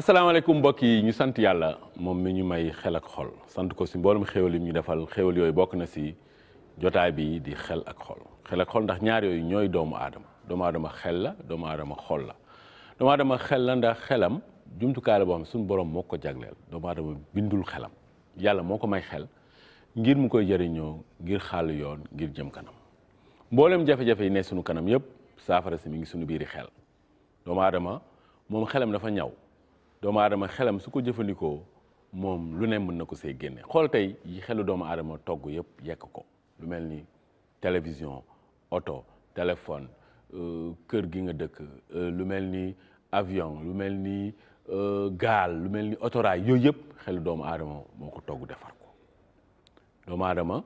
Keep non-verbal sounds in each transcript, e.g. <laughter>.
asalaamaaleykum mbokk yi ñu sant yàlla moom mi ñu may xel ak xol sant ko si mboolum xéwal yi ñu defal xéwal yooyu bokk na si jotaay bi di xel ak xol xel ak xol ndax ñaar yooyu ñooy doomu aadama doomu aadama xel la doomu aadama xol la doomu aadama xel la xelam jumtukaay la boo suñu borom moo ko jagleel doomu aadama bindul xelam yàlla moo ko may xel ngir mu koy jëriñoo ngir xàll yoon ngir jëm kanam mboolem jafe-jafe yi ne suñu kanam yëpp saafara si mi ngi suñu biiri xel doomu aadama moom xelam dafa ñaw doomu aadama xelam su ko jëfandikoo moom lu ne mën na ko see génne xool tey yi xelu doomu aadama togg yëpp yekk ko lu mel ni télévision oto téléphone euh, kër gi nga dëkk euh, lu mel ni avion lu mel ni euh, gaal lu mel ni otoraay yooyu yëpp xelu doomu aadama moo ko togg defar ko doomu aadama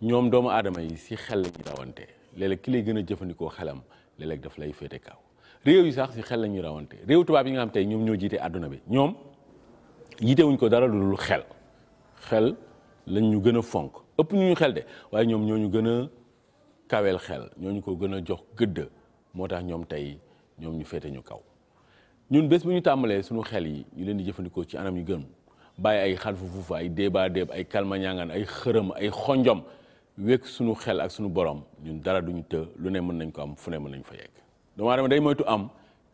ñoom doomu aadama yi si xel lañu rawante léeg-léeg ki lay gën a jëfandikoo xelam léeg daf lay féete kaw réew yi sax si xel la ñuy rawante réew tubaab yi nga xam tey ñoom ñoo jiite àdduna bi ñoom jiitewuñ ko dara lu dul xel xel lañ ñu gën a fonk ëpp ñu ñu xel de waaye ñoom ñoo ñu gën a kaweel xel ñoo ñu ko gën a jox gëdd moo tax ñoom tey ñoom ñu féete ñu kaw ñun bés bu ñu tàmbalee suñu xel yi ñu leen di jëfandikoo ci anam yu gën bàyyi ay xalfu fuufa ay déeba déeb ay kalmañangaan ay xërëm ay xonjom wekk suñu xel ak suñu borom ñun dara duñu të lu ne mën nañ ko am fu ne mën nañ fa yegg doomu day moytu am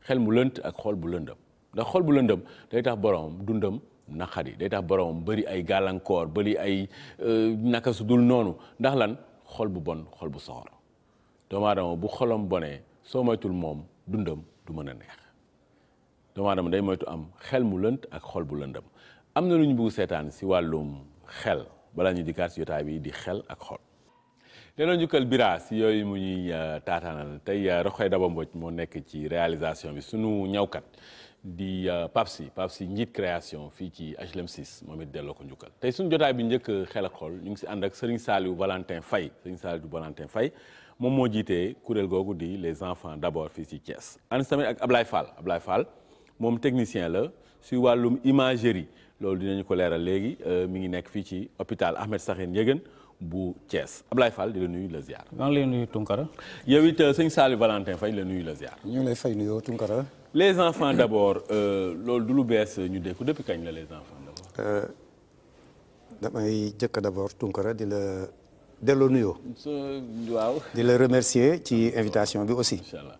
xel mu lënt ak xol bu lëndëm ndax xol bu lëndëm day tax boromam dundam naqari day tax boromam bëri ay gàllankoor bëri ay euh, naka su dul noonu ndax lan xol bu bon xol bu soxor doomu aadama bu xolam bonee soo moytul moom dundam du mën a neex doomu aadama day moytu am xel mu lënt ak xol bu lëndëm am na lu ñu bëgg seetaan si wàllum xel balaa ñu dikkaat si jotaay bi di xel ak xol. delloo njukkal bira si yooyu mu ñuy euh, taataanal tey euh, Roxoy Daba Mbodj moo nekk ci réalisation bi sunu ñawkat di Papsi euh, Papsi njiit création fii ci HLM 6 moom it delloo ko njukkal tey suñu jotaay bi njëkk xel ak xol ñu ngi si ànd ak Serigne Saliou Valentin Faye Serigne Saliou Valentin fay moom moo jiitee kuréel googu di les enfants d'abord fii ci Thiès ànd si tamit ak Ablaye Fall Ablaye Fall moom technicien la si wàllum imagerie loolu dinañu ko leeral léegi mi ngi nekk fii ci hôpital Ahmed Sakhir Ndiéguène bu Thiès Ablaye Fall di la nuyu la ziar. maa ngi lay nuyu Tunkara. yow it euh, sëñ Saliou Valentin Faye la nuyu la ziar. ñu lay fay nuyoo Tunkara. les enfants d' abord euh, loolu du lu bees ñu dégg depuis kañ la les enfants d' euh, damay jëkk d' abord Tunkara di la delloo nuyoo. waaw. di la remercier ci invitation bi aussi. incha allah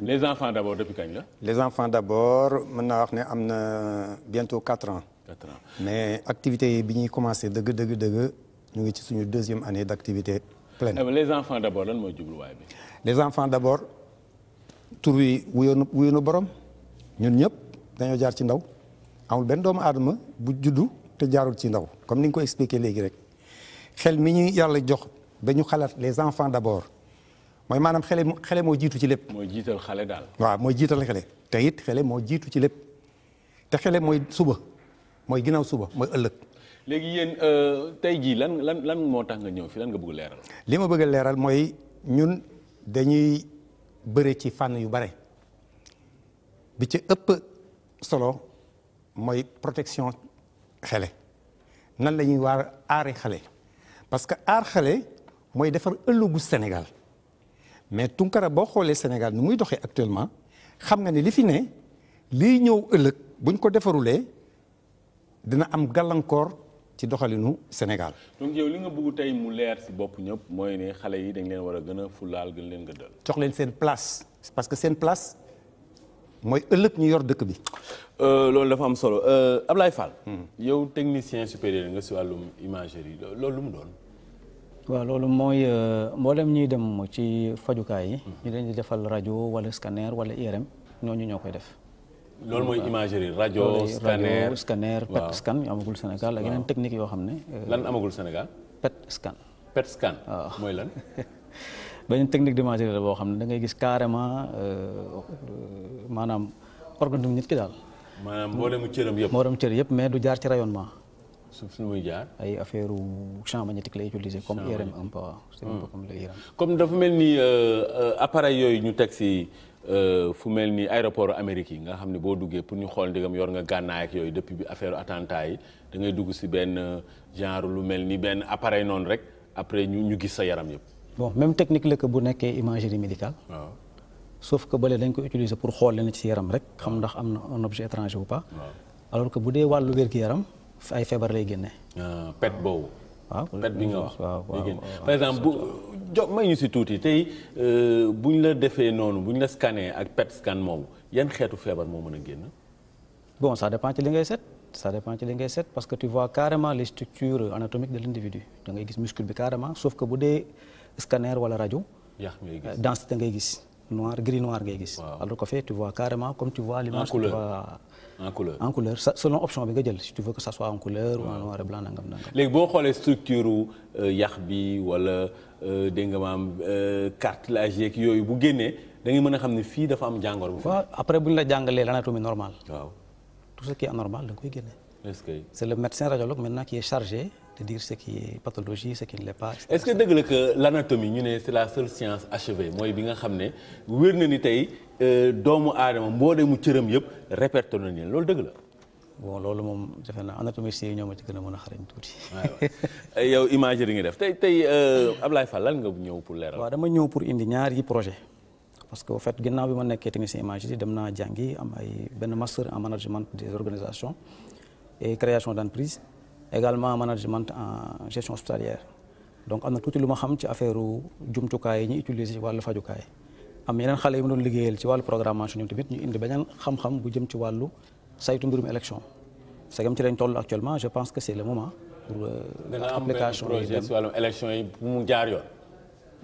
les enfants d' abord depuis kañ la. les enfants d' abord mën naa wax ne am na bientôt quatre ans. quatre ans mais activité bi ñuy commencé dëgg dëgg dëgg. ñu ngi ci suñu deuxième année d' activité eh, les enfants d' abord lan mooy jubluwaay bi. les enfants d' abord tur wi wuyoonu wuyoonu borom ñun ñëpp dañoo jaar ci ndaw amul benn doomu adama bu juddu te jaarul ci ndaw comme ni nga ko expliqué léegi rek xel mi ñuy yàlla jox ba ñu xalaat les enfants d' abord mooy maanaam xele xele moo jiitu ci lépp. mooy jiital xale daal. waaw mooy jiital xele teyit it xele moo jiitu ci lépp te xele mooy suba mooy ginnaaw suba mooy ëllëg. léegi yéen euh, tey jii lan lan lan moo tax nga ñëw fi lan nga bëgg leeral. li ma bëgg leeral mooy ñun dañuy bëre ci fànn yu bare bi ci ëpp solo mooy protection xele nan la ñuy waar aari xale parce que aar xele mooy defar ëllëgu Sénégal mais Tunkara boo xoolee Sénégal nu muy doxee actuellement xam nga ni li fi ne lii ñëw ëllëg buñ ko defarulee dina am gàllankoor. ci doxalinu Sénégal. donc yow li nga bëgg tey mu leer si bopp ñëpp mooy ne xale yi dañ leen war a gën a fulaal gën leen gëddal. jox leen seen place parce que seen place mooy ëllëg ñu yor dëkk bi. Euh, loolu dafa am solo euh, Ablaye Fall. Hmm. yow technicien supérieur nga si wàllum yi loolu lu mu doon. waaw loolu mooy euh, mboolem ñuy dem ci fajukaay yi. Hmm. ñu leen ñu defal rajo wala scanner wala IRM ñooñu ñoo koy def. loolu mooy imagerie rajo scanner rajo scanner PET scan yu amagul Sénégal ak yeneen technique yoo xam ne. Euh, lan amagul Sénégal. PET scan. PET scan waaw mooy lan. <laughs> beneen technique d'imagerie la boo xam ne da ngay gis carrément euh, maanaam organisme nit ki daal. maanaam mboolemu cëram yëpp. mboolemu cër yëpp mais du jaar ci rayonnement. suuf si muy jaar. ay affaire yu magnétique lay utiliser comme IRM hmm. comme le IRM. comme dafa mel ni euh, appareil yooyu ñu teg si. Euh, fu mel ni aéroport Amérique yi nga xam ne boo duggee pour ñu xool ndigam yor nga gànnaay ak yooyu depuis bi affaire attentat yi da dugg si benn euh, genre lu mel ni benn appareil noonu rek après ñu ñu gis sa yaram yëpp. bon même technique la que bu nekkee imagerie médicale. waaw sauf ko bële dañ ko utiliser pour xool leen ci yaram rek xam ndax am na un objet étranger ou pa alors que bu dee wàllu wér-gu-yaram ay feebar lay génne. Euh, pet boobu. pet bi nga wax par exemple bu jo may ñu si tuuti tey euh, bu ñu la defee noonu bu ñu la scanné ak pet scan moomu yan xeetu feebar moo mën a génn bon ça dépend ci li ngay set ça dépend ci li ngay set parce que tu vois carrément les structures anatomiques de l'individu da ngay gis muscle bi carrément sauf que bu dee scanner wala rajo euh, densité ngay gis noir gris noir ngay gis alors que fait tu vois carrément comme tu vois l'image en couleur en couleur selon option bi nga jël si tu veux que ça soit en couleur. ou en noir et blanc nangam nangam. léegi boo xoolee structure euh, yax bi wala euh, dégg nga maam euh, cartilage yeeg yooyu bu génnee da ngay mën a xam ne fii dafa am jàngoro. bu waaw après bu ñu la jàngalee l'anatomie normale. waaw tout ce qui est anormal da nga koy génne. est-ce que c'est le médecin radiologue maintenant qui de dire ce qui est pathologie ce qui ne l'est pas. est-ce que dëgg la que l'anatomie ñu ne c'est la seule science achevée mooy bi nga xam ne wér na ni tey euh, doomu aadama mbooleemu cëram yëpp répertoire nañu leen loolu dëgg la. bon loolu moom defe naa anatomiste yi ñoo ma ci gën a mën a xarañ tuuti. yow imagerie nga def tey tey euh, Ablaye Fall lan nga ñëw pour leeral. waa dama ñëw pour indi ñaari projet parce que au fait ginnaaw bi ma nekkee te technicien imagerie dem naa jàngi am ay benn master en management des organisations et création d'entreprise également management en gestion hospitalière donc am na tuuti lu ma xam ci affaire jumtukaay yi ñuy utiliser ci wàllu fajukaay am yeneen xale yi mu doon liggéeyal ci wàllu programmation ñoom tamit ñu indi beneen xam-xam bu jëm ci wàllu saytu mbirum élection segam ci lañ toll actuellement je pense que c' est le moment pour euh, application yi dem yi mu jaar yoon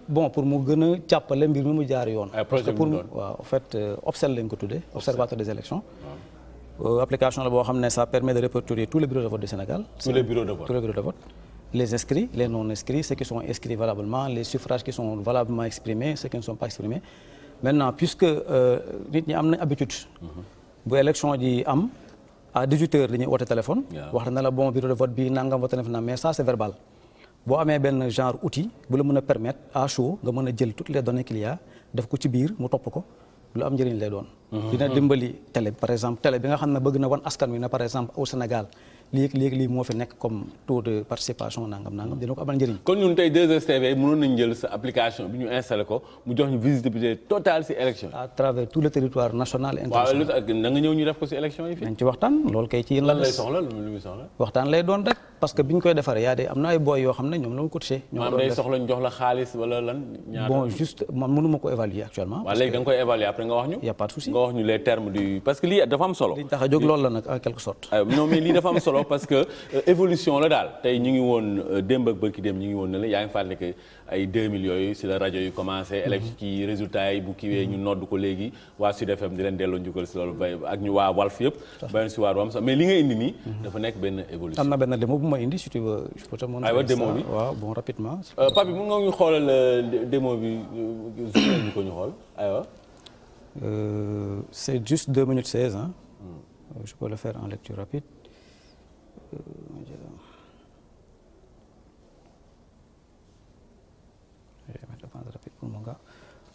bon pour mu gën a jàppale mbir mi mu jaar yoon parce que pour waaw en fait euh, observe lañ ko tuddee observateur des élections Euh, application la boo xam ne ça permet de répertorier tous les bureaux de vote du Sénégal. tous les bureaux de vote les inscrits les non inscrits ceux qui sont inscrits valablement les suffrages qui sont valablement exprimés ceux qui ne sont pas exprimés maintenant puisque euh, nit ñi am na habitude. Mhm. bu élection ji am à 18h dañuy woote téléphone. wax na la bon bureau de vote bi nangam woote na mais ça c' est verbal. boo amee benn genre outil bu la mën a permettre à chaud nga mën a jël toutes les données qu'il y a def ko ci biir mu topp ko. lu am njëriñ lay doon mhm. dina mhm. dimbali télé par exemple télé bi nga xam ne bëgg na wan askan wi na par exemple au Sénégal léeg léeg lii moo fi nekk comme taux de participation nangam nangam dina ko amal njëriñ kon ñu installé ko mu jox ñu visibilité totale si élection à travers tout le territoire national et international ñëw ñu def ko si élection yi fi nañ ci waxtaan loolu kay ci yéen lay soxla lay doon rek parce que bi ñu koy defaree yaa de am na ay boy yoo xam ne ñoom la ma coaché. ñoom day soxla ñu jox la xaalis wala lan. ñaata bon juste man mënu ma ko évaluer actuellement. parce que léegi koy évaluer après nga wax ñu. y' a nga wax ñu les termes du parce que lii dafa am solo. liñ tax a jóg loolu la euh, lii dafa am solo parce que euh, évolution la daal tey ñu ngi woon euh, démb ak bërki dem ñu ngi woon ne la yaa ngi fàttali que ay 2000 yooyu si la rajo yi commencé. élection mhm. kii résultat yi bu kiiwee ñu mhm. nodd ko léegi waa Sud FM di leen delloo njukkal si loolu bay ak ñu waa Walf yëpp. bayoon si waar am sax mais li nga indi nii. Mhm. dafa nekk benn évolution. am na benn démo bu ma indi si tu veux je peux te montrer. aywa démo bi waaw bon rapidement. Euh, papi mën nga ñu xoolal euh, démo bi euh, journal bi ko ñu xool aywa. c'est juste 2 minutes 16 hein. Hmm. je peux le faire en lecture rapide.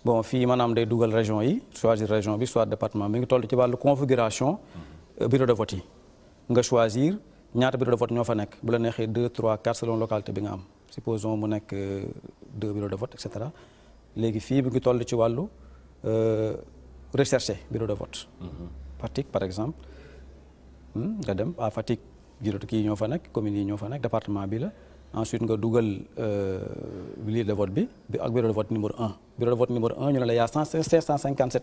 bon fii maanaam day dugal région yi choisir région bi soit département mi ngi toll ci wàllu configuration euh, bureau de vote yi nga choisir ñaata bureau de vote ñoo fa nekk bu la neexee 2 3 4 selon localité bi nga am supposons bu nekk 2 euh, bureau de vote et cetera léegi fii mi ngi toll ci wàllu euh, recherché bureau de vote. Mm-hmm. Fatick par exemple hmm, nga dem a Fatick bureau kii ñoo fa nekk communes yi ñoo fa nekk département bi la. ensuite nga dugal bulletin euh, de vote bi ak bureau de vote numéro 1 bureau de vote numéro 1 ñu ne la y' a cent cinq cent cinquante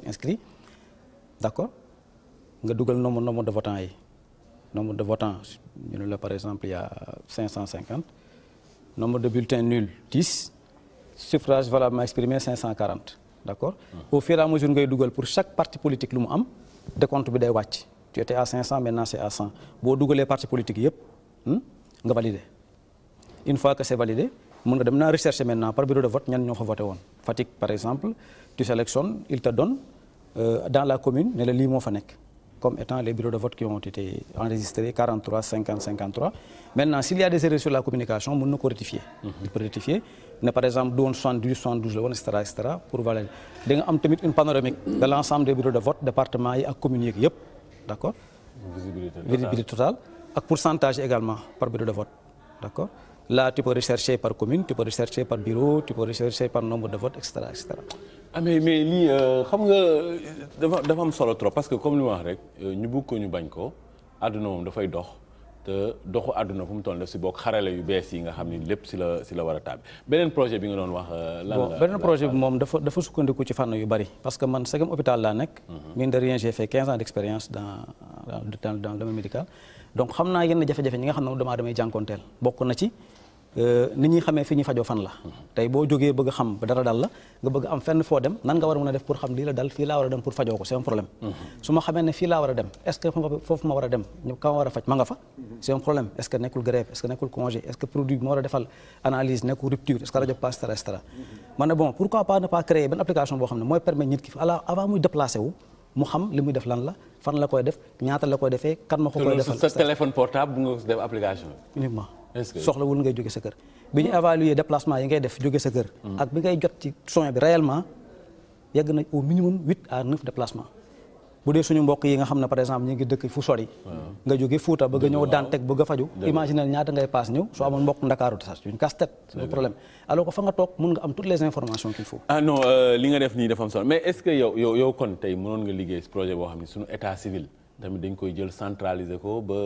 nga dugal nombre nombre de votants yi nombre de votants ñu ne la par exemple y' a cinq cent cinquante nombre de bulletins nuls dix suffrage valablement exprimé cinq cent quarante d' accord. Mmh. au mesure ngay dugal pour chaque partie politique lu mu am décompte bi day wàcc tu étais à cinq cent maintenant à cent boo dugalee parti politique yëpp hmm, nga valider. une fois que c'est validé mën nga dem naa rechercher maintenant par bureau de vote ñan ñoo fa voté woon Fatick par exemple tu sélectionnes il te donne euh, dans la commune ne la lii fa nekk comme étant les bureaux de vote qui ont été enregistrés 43 50 s'il y a des erreurs la communication mën na ko mhm. rectifier ne par exemple du woon 78 72 pour valider da nga am tamit une panoramique de l'ensemble des bureaux de vote département yi ak communes yeeg yëpp Là, tu peux rechercher par commune, tu peux rechercher par bureau, tu peux rechercher par nombre de votes, etc. etc. ah mais mais lii euh, xam nga dafa dafa am solo trop parce que comme li ma wax rek euh, ñu bëgg ko ñu bañ ko àdduna moom dafay dox te doxu àdduna fu mu toll def si bokk xarale yu bees yi nga xam ni lépp si la si la war a taab beneen projet bi nga doon wax. Euh, lan la beneen projet moom dafa dafa sukkandiku ci fànn yu bari. parce que man segam hôpital laa nekk. Mhm. mine de rien j'ai dans dans dans le domaine xam naa yenn jafe ñi nga xam ne moom damaa damay jànkonteel bokk na ci. Euh, nit ñi xamee fi ñuy fajoo fan la tey boo jógee bëgg xam dara dal la nga bëgg am fenn foo dem nan nga war a a def pour xam lii la dal fii laa war a dem pour fajoo ko c'est problème mhm. su ma xamee ne fii laa war a dem est-ce que foofu ma war a dem mhm. nekkul grève est-ce que nekkul congé est-ce que produit ma war a defal analyse nekkul rupture est-ce que rajo pas et cetera mhm. ma ne bon pourquoi pas ne pas créer benn application boo xam ne mooy permettre nit ki soxlawul ngay jóge sa kër bi ñu évaluer déplacement yi ngay def jóge sa kër hmm. ak bi ngay jot ci soin bi réellement yegg na au minimum huit à neuf déplacement bu dee suñu mbokk yi nga xam ne par exemple ñu ngi dëkk fu sori hmm. nga jóge Fuuta bëgg a ñëw Dantec bëgg a faju imaginel ñaata ngay paas ñëw soo amoon mbokk Ndakaaru de sax une casse problème alors que fa nga toog mun nga am toutes les informations qu'il faut ah euh, li nga def nii dafa am kon tey mënoon nga liggéey projet boo xam ne suñu état tamit dañ koy jël centraliser ko ba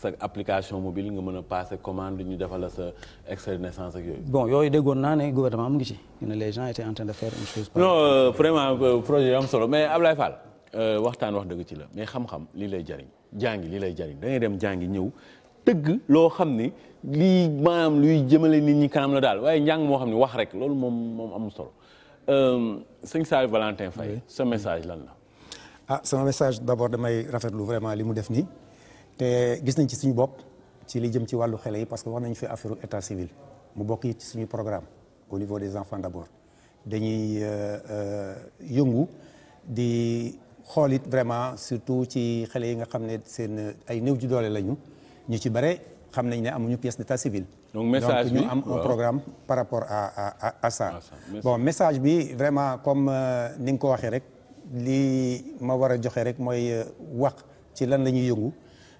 sa application mobile nga mën a passer commande ñu defala sa extrait de naissance ak yooyu. bon yooyu déggoon naa ne gouvernement mu ngi ci ne les gens étaient en train de euh, vraiment euh, projet am solo mais Ablaye Fall euh, waxtaan wax dëgg ci la mais xam lii lay jariñ jàngi lii lay jariñ da ngay dem jàngi ñëw tëgg loo xam ni lii maanaam luy jëmale nit ñi kanam la daal waaye njàng moo xam ni wax rek loolu moom moom amul solo sëñ Sall Valentin Faye sa message lan la. ah sama message d'abord damay rafetlu vraiment li mu def nii te gis nañ ci suñu bopp ci li jëm ci wàllu xele yi parce que wax nañ fi affaire état civil mu bokk ci suñu programme au niveau des enfants d'abord dañuy euh, euh, yëngu di xool it vraiment surtout ci xale yi nga xam ne seen ay néew ju doole lañu ñu ci bare xam nañ ne amuñu pièce d'état civil. donc message bi ñu am un programme par rapport à à à bon message bi vraiment comme euh, ni nga ko waxee rek. lii ma war a joxe rek mooy euh, wax ci lan la yëngu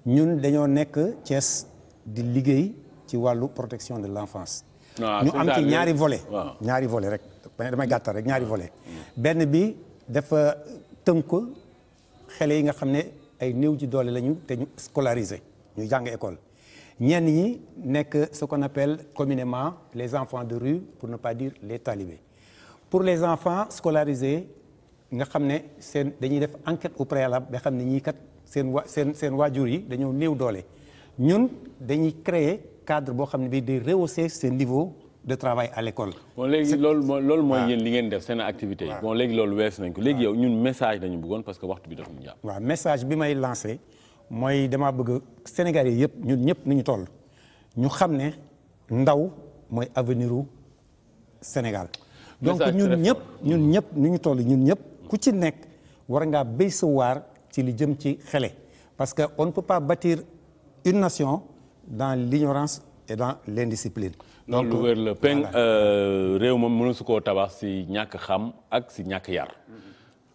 ñun dañoo nekk Thiès di liggéey ci wàllu protection de l'enfance ah, ñu am ci ñaari vole ñaari vole rek damay gàttal rek ñaari ah. volet benn bi dafa tënk xele yi nga xam ne ay néew ji doole lañu te ñu scolarisé ñu jàng école ñenn ñi nekk ce qu'on appelle communément les enfants de rue pour ne pas dire les talibés pour les enfants scolarisés nga xam ne seen dañuy def enquête au la ba xam ne ñii kat seen seen seen waajur yi dañoo néew doole ñun dañuy créer cadre boo xam ne bii day rehausser seen niveau de travail à l'école. bon léegi loolu mooy loolu ah. mooy yéen li ngeen def seen activité yi. bon léegi loolu wees nañ ko léegi yow ñun message dañu bëggoon parce que waxtu bi dafa ñu jàpp. waa message bi may lancé mooy damaa bëgg Sénégal yi yëpp ñun ñëpp ni ñu toll ñu xam ne ndaw mooy avenir Sénégal. donc ñun ñëpp ñun ñëpp ni ñu toll ñun ñëpp. ku ci nekk war nga béy sa waar ci li jëm ci xele parce que on ne peut pas bâtir une nation dans l'ignorance et dans l'indiscipline donc lu wér la peng réew moom mënu su koo tabax si ñàkk xam ak si ñàkk yar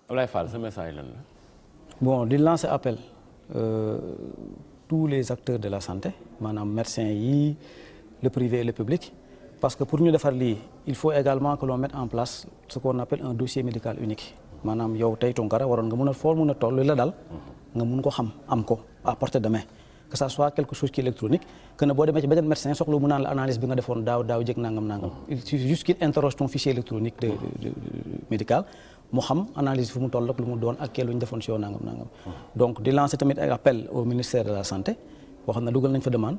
Ablaye Fall sa message lan la bon di lancer appel euh, tous les acteurs de la santé maanaam médecin yi le privé et le public parce que pour ñu defar lii il faut également que l'on mette en place ce qu'on appelle un dossier médical unique maanaam yow tey Tounkara waroon nga mun a foo mun a toll la dal nga mun ko xam am ko à portée de main que soit quelque chose qui électronique que ne boo demee ci beneen médecin soxla mu naan la analyse bi nga defoon daaw daaw jëg nangam nangam mm-hmm. il suffit juste qu'il interroge ton fichier électronique de médical mu xam analyse fu mu toll ak lu mu doon ak kee lu ñu defoon si yow nangam nangam mm-hmm. donc di lancer tamit appel au ministère de la santé boo xam ne dugal nañ fa euh,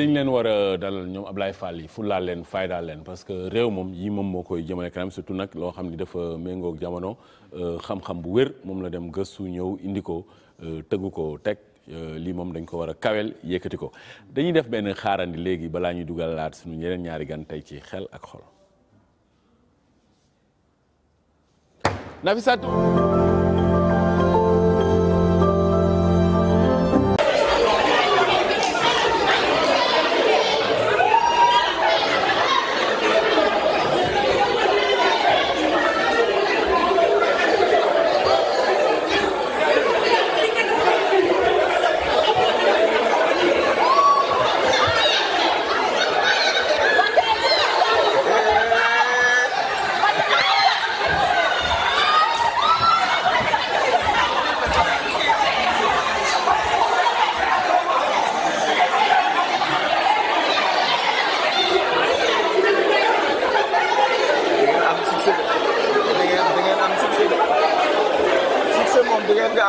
dañ leen war a dalal ñoom leen faydaal leen parce que réew moom yii moo koy jëmale kanam surtout nag loo xam ni dafa méngoog jamono euh, xam-xam bu wér moom la dem gëstu ñëw indi ko euh, tëggu ko teg. lii moom dañ ko war a kawel yëkkati ko dañuy def benn xaarandi léegi balaa ñuy laat suñu yeneen ñaari gan tey ci xel ak xol Nafissatou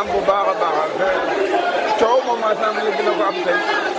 am bu baax a baax coow moom assemblée dina ko am tey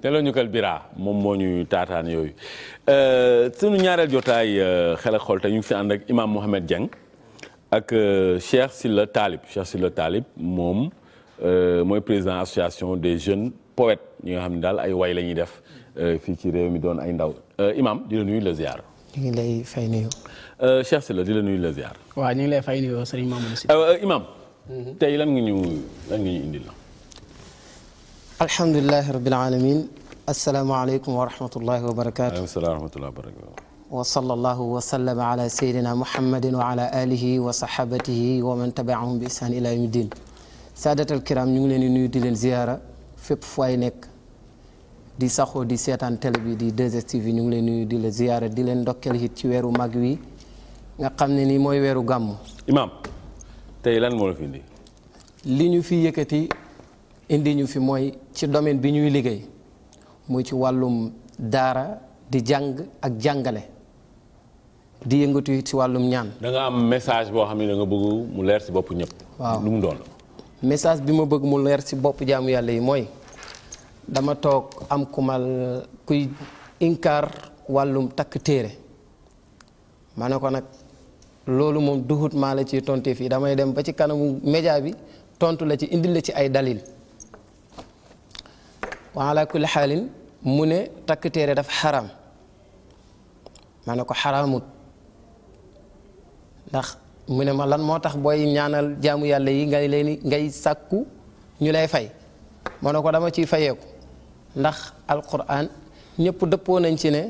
te ñu kal bira moom moo ñuy taataan yooyu euh, sunu ñaareel jotaay euh, xel ak xol te ñu ngi si ànd ak imam Mohamed Dieng ak euh, Cheikh Sylla Talib Cheikh Sylla Talib moom mooy président association des jeunes poètes ñi nga xam ne daal ay way la ñuy def fii ci réew mi doon ay ndaw imaam di la nuyu la ziar. ñu ngi lay fay nuyu. Cheikh Sylla di la nuyu la ñu ngi lay fay nuyu sëriñ mhm. tey lan nga ñu indil la. alhamdulilahi rabil alamin asalaamaaleykum wa rahmatullahi wa barakaatu wa sallallahu wa sallama ala sayidina muhammadin wa ala alihi wa sahabatihi wa man tabiahum bi ihsaan ila yawmi din saadatal kiram ñu ngi leen di nuyu di leen ziyaara fépp fu nekk di saxoo di seetaan télé bi di 2STV ñu ngi leen nuyu di la ziyaara di leen ndokkeel hit ci weeru mag wi nga xam ne nii mooy weeru gàmm imaam tey moo fi indi li ñu fi yëkkati indi ñu fi mooy ci domaine bi ñuy liggéey muy ci wàllum daara di jàng ak jàngale di yëngatu it ci wàllum ñaan. da am message boo xam ne da nga bëgg mu leer ci bopp ñëpp. waaw lu doon. message bi ma bëgg mu leer ci bopp jaamu yàlla yi mooy dama toog am kumal kuy inkaar wàllum takk téere ma ne ko nag loolu moom duhut maa la ciy tontee fii damay dem ba ci kanamu média bi tontu la ci indil la ci ay dalil. wa ala xaalin mu ne takk téere daf xaram ma ne ko xaraamut ndax mu ne ma lan moo tax booy ñaanal jaamu yàlla yi ngay leen ngay sàkku ñu lay fay ma ne ko dama ciy fayeeku ndax alquran ñëpp dëppoo nañ ci ne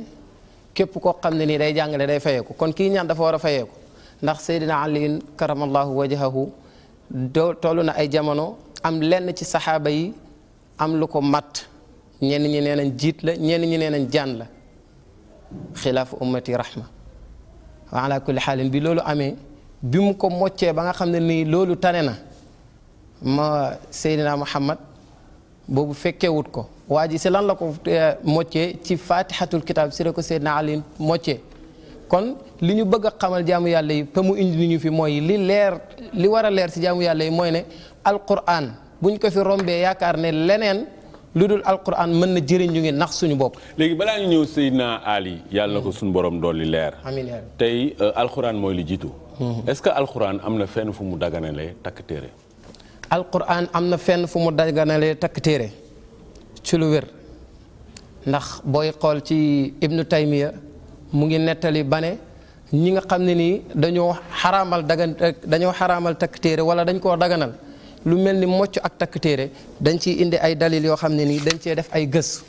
képp koo xam ne nii day jàngale day fayeeku kon kii ñaan dafa war a fayeeku ndax Seydina Ali karamallahu wajahahu do toll na ay jamono am lenn ci saxaaba yi am lu ko matt ñenn ñi nee nañ jiit la ñenn ñi nee nañ jaan la xilaafu ummati rahma wa ala kulli xaalin bi loolu amee bi mu ko moccee ba nga xam ne nii loolu tane na ma Seydina Muhammad boobu fekkewut ko waa ji si lan la ko eh, moccee ci fatihatul kitab si la ko Seydina Ali moccee kon li ñu bëgg a xamal jaamu yàlla yi te mu indi ñu fi mooy li leer li war a leer si jaamu yàlla yi mooy ne alquran buñ ko fi rombee yaakaar ne leneen lu dul alquran mën na jëriñ ñu ngi nax suñu bopp. léegi balaa ñu ñëw na Ali yàlla ko suñu boroom dool dolli leer. amiin tey euh, alquran mooy li jiitu. Mhm. est-ce que alquran am na fenn fu mu daganalee takk téere. am na fenn fu mu daganale takk téere ci lu wér ndax booy xool ci ibnu taymiya mu ngi nettali ba ne ñi nga xam ne nii dañoo xaraamal dagan dañoo xaraamal takk téere wala dañ koo daganal. lu mel ni mocc ak takk téere dañ ciy indi ay dalil yoo xam ne nii dañ cee def ay gës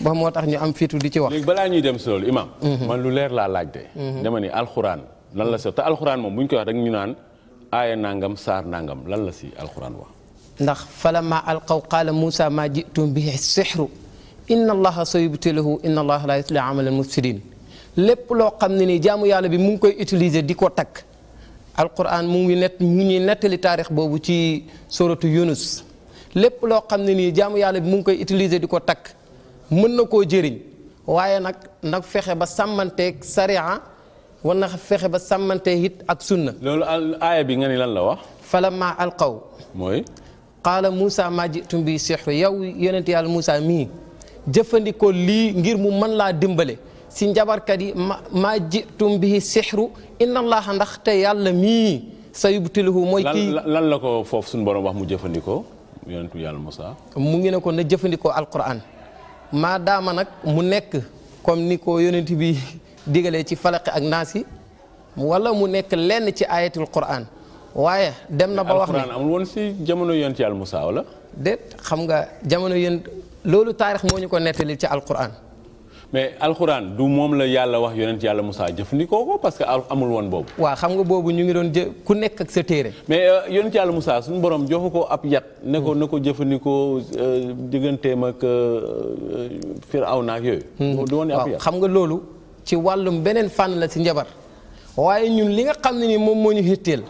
ba moo tax ñu am fitu di ci wax. léegi balaa ñuy dem si loolu imam mhm. man lu leer laa laaj de. Mhm. dama ni alxuraan lan la si te alxuraan moom bu koy wax rek ñu naan aaya nangam saar nangam lan la si alxuraan wax. ndax falamma alqaw qaala Muusa maa jitum bi sixru inna allaha sayubtiluhu inna allaha la yusli amal al mufsidin lépp loo xam ne nii jaamu yàlla bi mu ngi koy utiliser di ko takk. alquran mu ngi nett mu ngi nettali taarix boobu ci soratu yunus lépp loo xam ne nii jaamu yàlla bi mu ngi koy utiliser di ko takk mën na koo jëriñ waaye nag nag fexe ba sàmmanteeg sariya war na fexe ba sàmmanteeg it ak sunna loolu aaya bi nga ni lan la wax falamma alkaw mooy qaala Moussa maa jitum bi sixru yow yonent yàlla Moussa mii jëfandikoo lii ngir mu mën laa dimbale si njabarkat yi ma maa jitum bihi sixru inna ndax ndaxte yàlla mii sayubtiluhu mooy kii lan la ko foofu suñu borom wax mu jëfandikoo yonentu yàlla Musaa mu ngi ne ko na jëfandikoo alquran maadaama nag mu nekk comme ni ko yonent bi digalee ci falaqi ak naas yi wala mu nekk lenn ci ayatul quran waaye dem na ba wax ne alquran amul woon si jamono yonent yàlla Musaa wala déet xam nga jamono yonent loolu taarix moo ñu ko nettali ci alquran mais alxuraan du moom la yàlla wax yonent yàlla Moussa jëfandikoo ko parce que amul woon boobu. waa xam nga boobu ñu ngi doon jë ku nekk ak sa téere. mais euh, yonent yàlla Moussa suñu borom joxu ko ab yat. ne ko ko jëfandikoo euh, digganteem ak euh, Firawna ak yooyu. Hmm. du woon ab yat xam nga loolu ci wàllum beneen fànn la si njabar. waaye ñun li nga xam ne ni moom moo ñu hitteel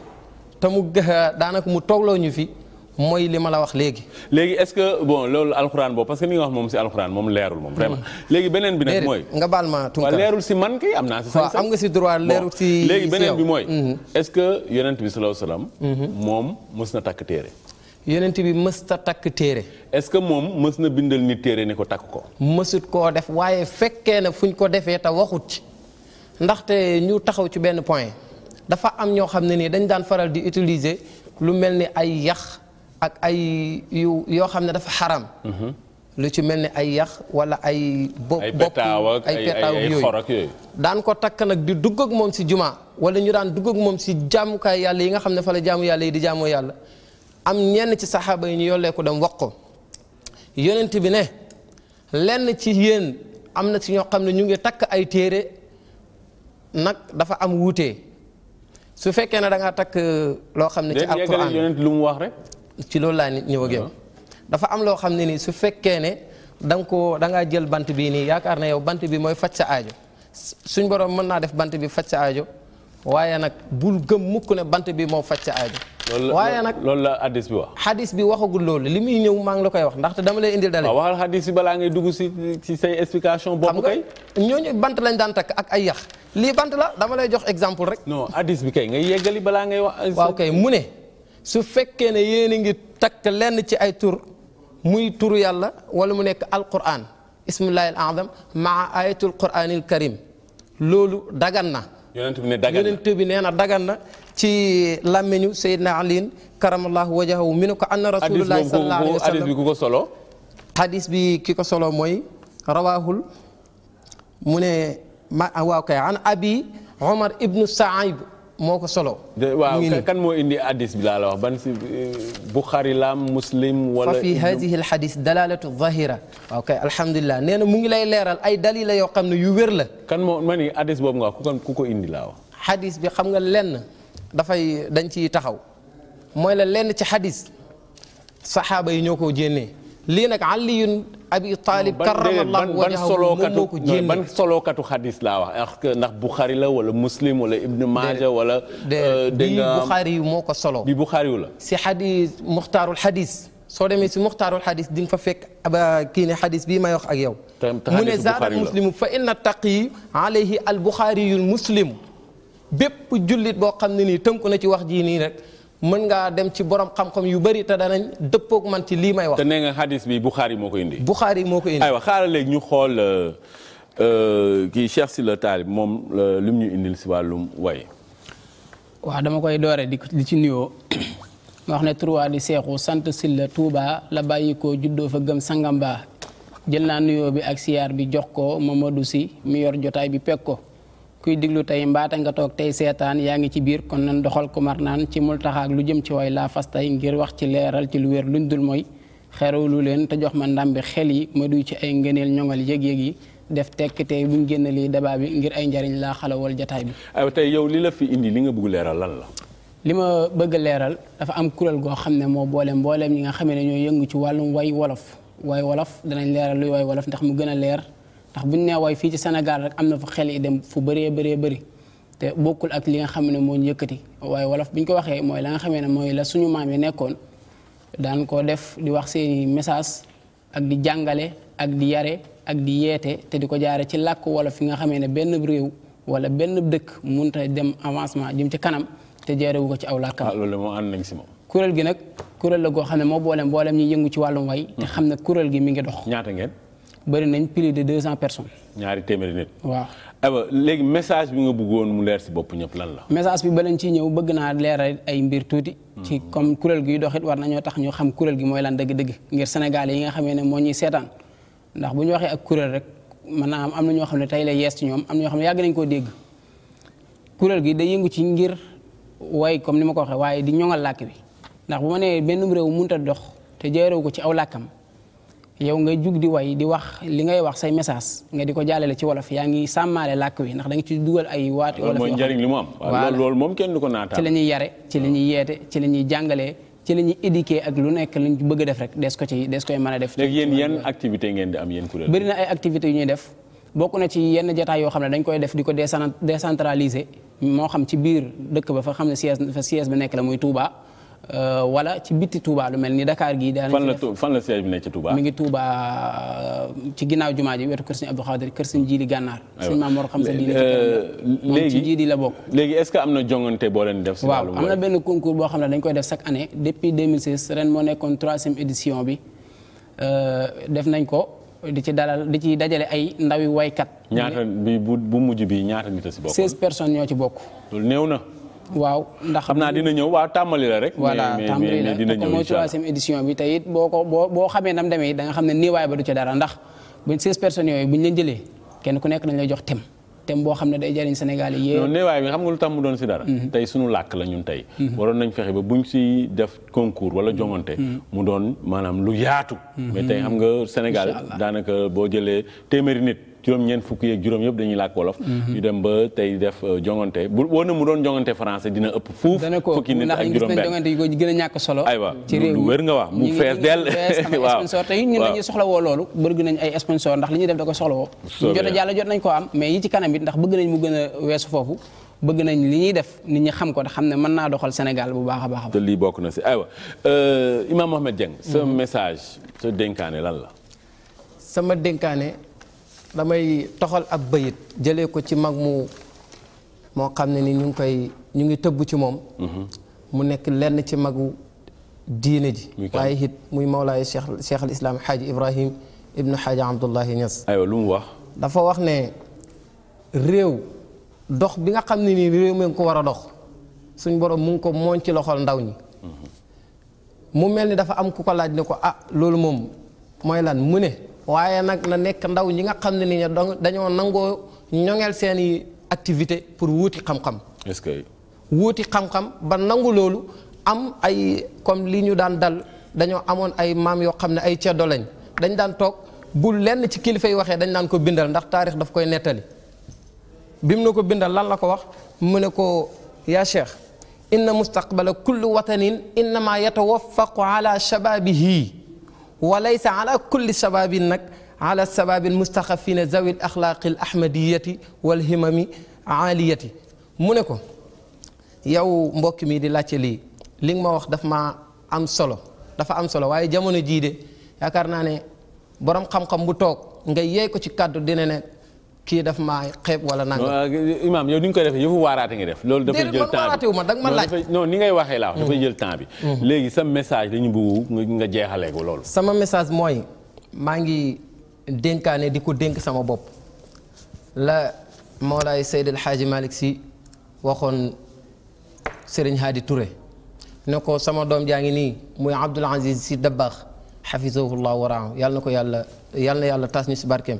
te mu daanaka mu toogloo ñu fi. mooy li ma la wax léegi. léegi est-ce que bon loolu alxuraan boobu parce que ni nga wax moom si alxuraan moom leerul moom vraiment. Hmm. léegi beneen bi nag mooy nga baal ma tunkara leerul si man kay am naa si. sañ-sañ am nga si droit leerul si léegi beneen bi hmm. ce que yonent bi sallallahu alayhi hmm. moom mës na takk téere. yonent bi mës takk téere. est-ce que moom mës na bindal nit téere ne ko takk ko. mësut koo def waaye fekkee na ñu ko defee te waxut ci ndaxte ñu taxaw ci benn point dafa am ñoo xam ne nii dañ daan faral di utiliser lu mel ni ay yax ak ay yu yoo xam ne dafa xaram mhm. lu ci mel ni ay yax wala ay bopp ay petaaw yooyu daan ko takk nag di dugg moom si jumaa wala ñu daan dugg ak moom si jaamukaay yàlla yi nga xam ne fa la jaamu yàlla yi di jaamoo yàlla am ñenn ci saxaaba yi ñu yollee ko dem wax yonent bi ne lenn ci yéen am na ci ñoo xam ne ñu ngi takk ay téere nag dafa am wuute su fekkee ne da takk loo xam ne ci alquran yonent lu wax rek ci loolu laa nit ñëw ak yow dafa am loo xam ne nii su fekkee ne da nga koo jël bant bii nii yaakaar na yow bant bi mooy faj sa aajo suñ borom mën naa def bant bi faj sa ajo waaye nag bul gëm mukk ne bant bi moo faj sa aajo. waaye nag loolu la hadis bi bi waxagul loolu li muy ñëw maa ngi la koy wax ndaxte dama lay indi dale waaw waxal hadis bi balaa ngay dugg si si say explication. boobu kay ñooñu bant lañ daan takk ak ay yax lii bant la dama lay jox exemple rek. non hadis bi kay ngay yeggali balaa ngay wax. waaw mu ne. su fekkee ne yéen a ngi takk lenn ci ay tur muy turu yàlla wala mu nekk alquran ismullahi al azam maa ayatul quranil karim loolu dagan na yonent bi nee na dagan na ci làmmiñu Seydina Aliin karamallahu wajahahu mi ne ko anna rasulullahi sallallahu alayhi wa sallam hadis ko solo hadis bi ki ko solo mooy rawaahul mu ne waaw kay an abi omar ibnu saib moo ko solo. waaw kan moo indi hadis bi laa la wax ban si eh, Bukhari la muslim. wala fa fi hadihi dalalatu zahira. waaw nee na mu ngi lay leeral ay dalil la yoo xam ne yu wér la. kan moo ma ni hadis boobu nga wax ku ko indi laa wax. hadis bi xam nga lenn dafay dañ ciy taxaw mooy la lenn ci hadis saxaaba yi ñoo ko jénnee lii nag Aliyun abi taalib karramallahu wajhahu moom moo ko jéem ban solookatu xadis laa wax est-ce que ndax la wala muslim wala ibnu Maaja wala. Euh, dégg nga bi moo ko solo. bi Bukhari yu la. si xadis muxtaarul xadis soo demee si muxtaarul xadis di nga fa fekk kii ne xadis bii may wax ak yow. mu ne zaadal muslimu fa inna taqi alayhi al Bukhari yu muslim bépp jullit boo xam ne nii tënku na ci wax ji nii rek. mën ngaa dem ci borom xam-xam yu bëri te danañ dëppook man ci lii may wax. te nee nga xadis bi Bukhari moo ko indi. Bukhari moo ko indi aywa xaaral léegi ñu xool euh, euh, kii Cheikh Sylla Taalib moom euh, lim ñu si wàllum way. dama koy doore di di ci nuyoo ma wax ne turwaa di seexu sant Sylla Touba la bàyyi ko juddoo fa gëm sangamba jël naa nuyoo bi ak siyaar bi jox ko Mamadou si mi yor jotaay bi peg ko. kuy diglu tey mbaata nga toog tey seetaan yaa ngi ci biir kon nan doxal ku mar naan ci multaxaak lu jëm ci way laa fas tey ngir wax ci leeral ci lu wér luñ dul mooy lu leen te jox ma ndàmbi xel yi ma duy ci ay ngëneel ñoŋal yëg-yëg yi def tekk tey bu génn lii débat bi ngir ay njariñ laa xalawal jataay bi. aywa tey yow lii la fi indi li nga bëgg leeral lan la. li ma bëgg leeral dafa am kuréel goo xam ne moo boole mbooleem ñi nga xam ne ñoo yëngu ci wàllum way wolof way wolof danañ leeral luy ndax mu gën a leer ndax ñu nee waay fii ci Sénégal rek am na fa xel yi dem fu bëree bëree bëri te bokkul ak li nga xam ne moo ñu waaye wolof bi ñu ko waxee mooy la nga xamee ne mooy la suñu maam yi nekkoon daan koo def di wax seeni message ak di jàngale ak di yare ak di yeete te di ko jaare ci làkk wolof fi nga xamee ne benn réew wala benn dëkk mun a dem avancement jëm ci kanam te jaarewu ko ci aw làkkam. ah loolu moo ànd nañ si moom. kuréel gi nag kuréel la goo xam ne moo boolem boolem ñi yëngu ci wàllum way. te mm. xam ne kuréel gi mi ngi dox. ñaata ngeen. bëri nañ plus de 200 personnes. ñaari téeméeri nit. waaw aywa léegi message bi nga bëggoon mu leer si bopp ñëpp lan la. message bi ba leen ciy ñëw bëgg naa leer ay mbir tuuti. Hmm. ci comme kuréel gi doxit war nañoo tax ñu xam kuréel gi mooy lan dëgg-dëgg. ngir Sénégal yi nga xamee ne moo ñuy seetaan ndax bu ñu waxee ak kuréel rek maanaam am na ñoo xam ne tey la yees ci ñoom am na ñoo xam ne yàgg nañ koo dégg kuréel gi day yëngu ci ngir way comme ni ma ko waxee waaye di ñoŋal làkk bi ndax bu ma nee benn a dox te jaareewu ko ci aw làkkam yow nga jug di way di wax li ngay wax say message nga di ko jàllale ci wolof yaa ngi sàmmaale làkk wi ndax da nga ci dugal ay waat wolof mooy njëriñ loolu moom kenn du ko naataal ci la ñuy yare ci la ñuy yeete ci la ñuy jàngalee ci la ñuy éduquer ak lu nekk lañ bëgg a def rek des ko ci des koy mën a def léegi yéen yan activité ngeen di am yéen kuréel bëri na ay ñuy def bokk na ci yenn jotaay yoo xam ne dañ koy def di ko décentralisé moo xam ci biir dëkk ba fa xam ne siège fa siège nekk la muy Touba wala euh, ci bitti Touba lu mel ni dakaar gii. daanaka fan la fan la siège bi ci Touba. mi ngi Touba euh, ci ginnaaw jumaa ji wetu kër Sëñ Abdou Khadir kër Sëñ Jiili Gànnaar. aywa Sëñ Mor xam sa diine moom ci jiili la bokk. léegi est-ce que am na jongante boo leen def. si waaw am na benn concours boo xam ne dañ koy def chaque année depuis 2016 ren moo nekkoon troisième édition bi euh, def nañ ko. di ci dalal di ci dajale ay ndawi waykat. ñaata bi bu bu mujj bi ñaata nit a si bokk. 16 personnes ñoo ci bokk. loolu na. waaw ndax xam naa dina ñëw waaw tàmbali la rek. voilà tàmbali la dina ñëw mooy troisième édition bi tey it boo ko boo boo xamee nam demee da nga xam ne niiwaay ba du ca dara ndax buñ seize personnes yooyu buñ leen jëlee kenn ku nekk dañ lay jox thème thème boo xam ne day jariñ Sénégal yi. non neewaay bi xam nga lu tax mu doon si dara. Mhm. tey suñu làkk la ñun tey. Mhm. waroon nañ fexe ba buñ si def concours wala jongante. Mhm. mu doon maanaam lu yaatu. mais tey xam nga Sénégal daanaka boo jëlee téeméeri nit. juróom-ñeent fukk yeeg juróom yëpp dañuy làkk wolof. Mhm. ñu dem ba tey def euh, jongante bu woon na mu doon jongante français dina ëpp fuuf. fukki nit ak juróom benn jongante yi ko a ñàkk solo. aywa lu nga <laughs> soxla woo loolu. bëgg nañ ay sponsor ndax li ñuy def da ko soxla woo. ñu jot a jàll jot nañ ko am mais yi ci kanam it ndax bëgg nañ mu gën a weesu foofu. bëgg nañ li ñuy def nit ñi xam ko te xam ne man naa doxal Sénégal bu baax a baax. te a bokk na si aywa euh, Imam Mohamed Dieng. sa mhm. message sa dénkaane lan la. sama dénkaane damay toxal ab bayit jëlee ko ci mag mu moo xam ne ni ñu ngi koy ñu ngi tëbb ci moom mhm. mu nekk lenn ci magu diine ji waaye it muy mawlaay cheikh cheikh al islam xaaji ibrahim ibnu xaaji abdullahi Niass aywa lu mu wax dafa wax ne réew dox bi nga xam ne nii réew mi nga ko war a dox suñ borom mu ngi ko mooñ ci loxol ndaw ñi mhm. mu mel ni dafa am ku ko laaj ne ko ah loolu moom mooy lan mu ne waaye nag na nekk ndaw ñi nga xam ne ni dañoo nangoo ñoŋeel seeni activité pour wuuti xam-xam. est que. wuuti xam-xam ba nangu loolu am ay comme lii ñu daan dal dañoo amoon ay maam yoo xam ne ay ceddo lañ dañ daan toog bu lenn ci kilifa yi waxee dañ daan ko bindal ndax taarix daf koy nettali bi mu ne ko bindal lan la ko wax mu ne ko ya cheikh inna mustaqbala kulli watanin innama yatawaffaqu ala shababihi wa laysa ala kulli sababin nag ala sababil mustaxafina zawil axlaaqil ahmadiyati wal himami aliyati mu ne ko yow mbokk mi di laajte lii li ma wax dafa ma am solo dafa am solo waaye jamono jii de yaakaar naa ne borom xam-xam bu toog ngay yeey ko ci kàddu dina ne kii daf maa xeeb wala nanga imaam yow ni nga koy defee yëfu waaraate nga def loolu dafay jël temps bi ma danga ma laaj non ni ngay waxee laa dafay jël temps bi mm-hmm. Mm-hmm. léegi sa message dañu bëgg nga jeexalee ko loolu sama message mooy maa ngi dénkaane di ko dénk sama bopp la Mawlaay Seydi El Hadji Malick Sy waxoon Serigne Hadi Touré ne ko sama doom jaa ngi nii muy Abdoul Aziz Sy Dabakh xafisahullah waraahu yàlla na ko yàlla yàlla na yàlla tas ñu si barkeem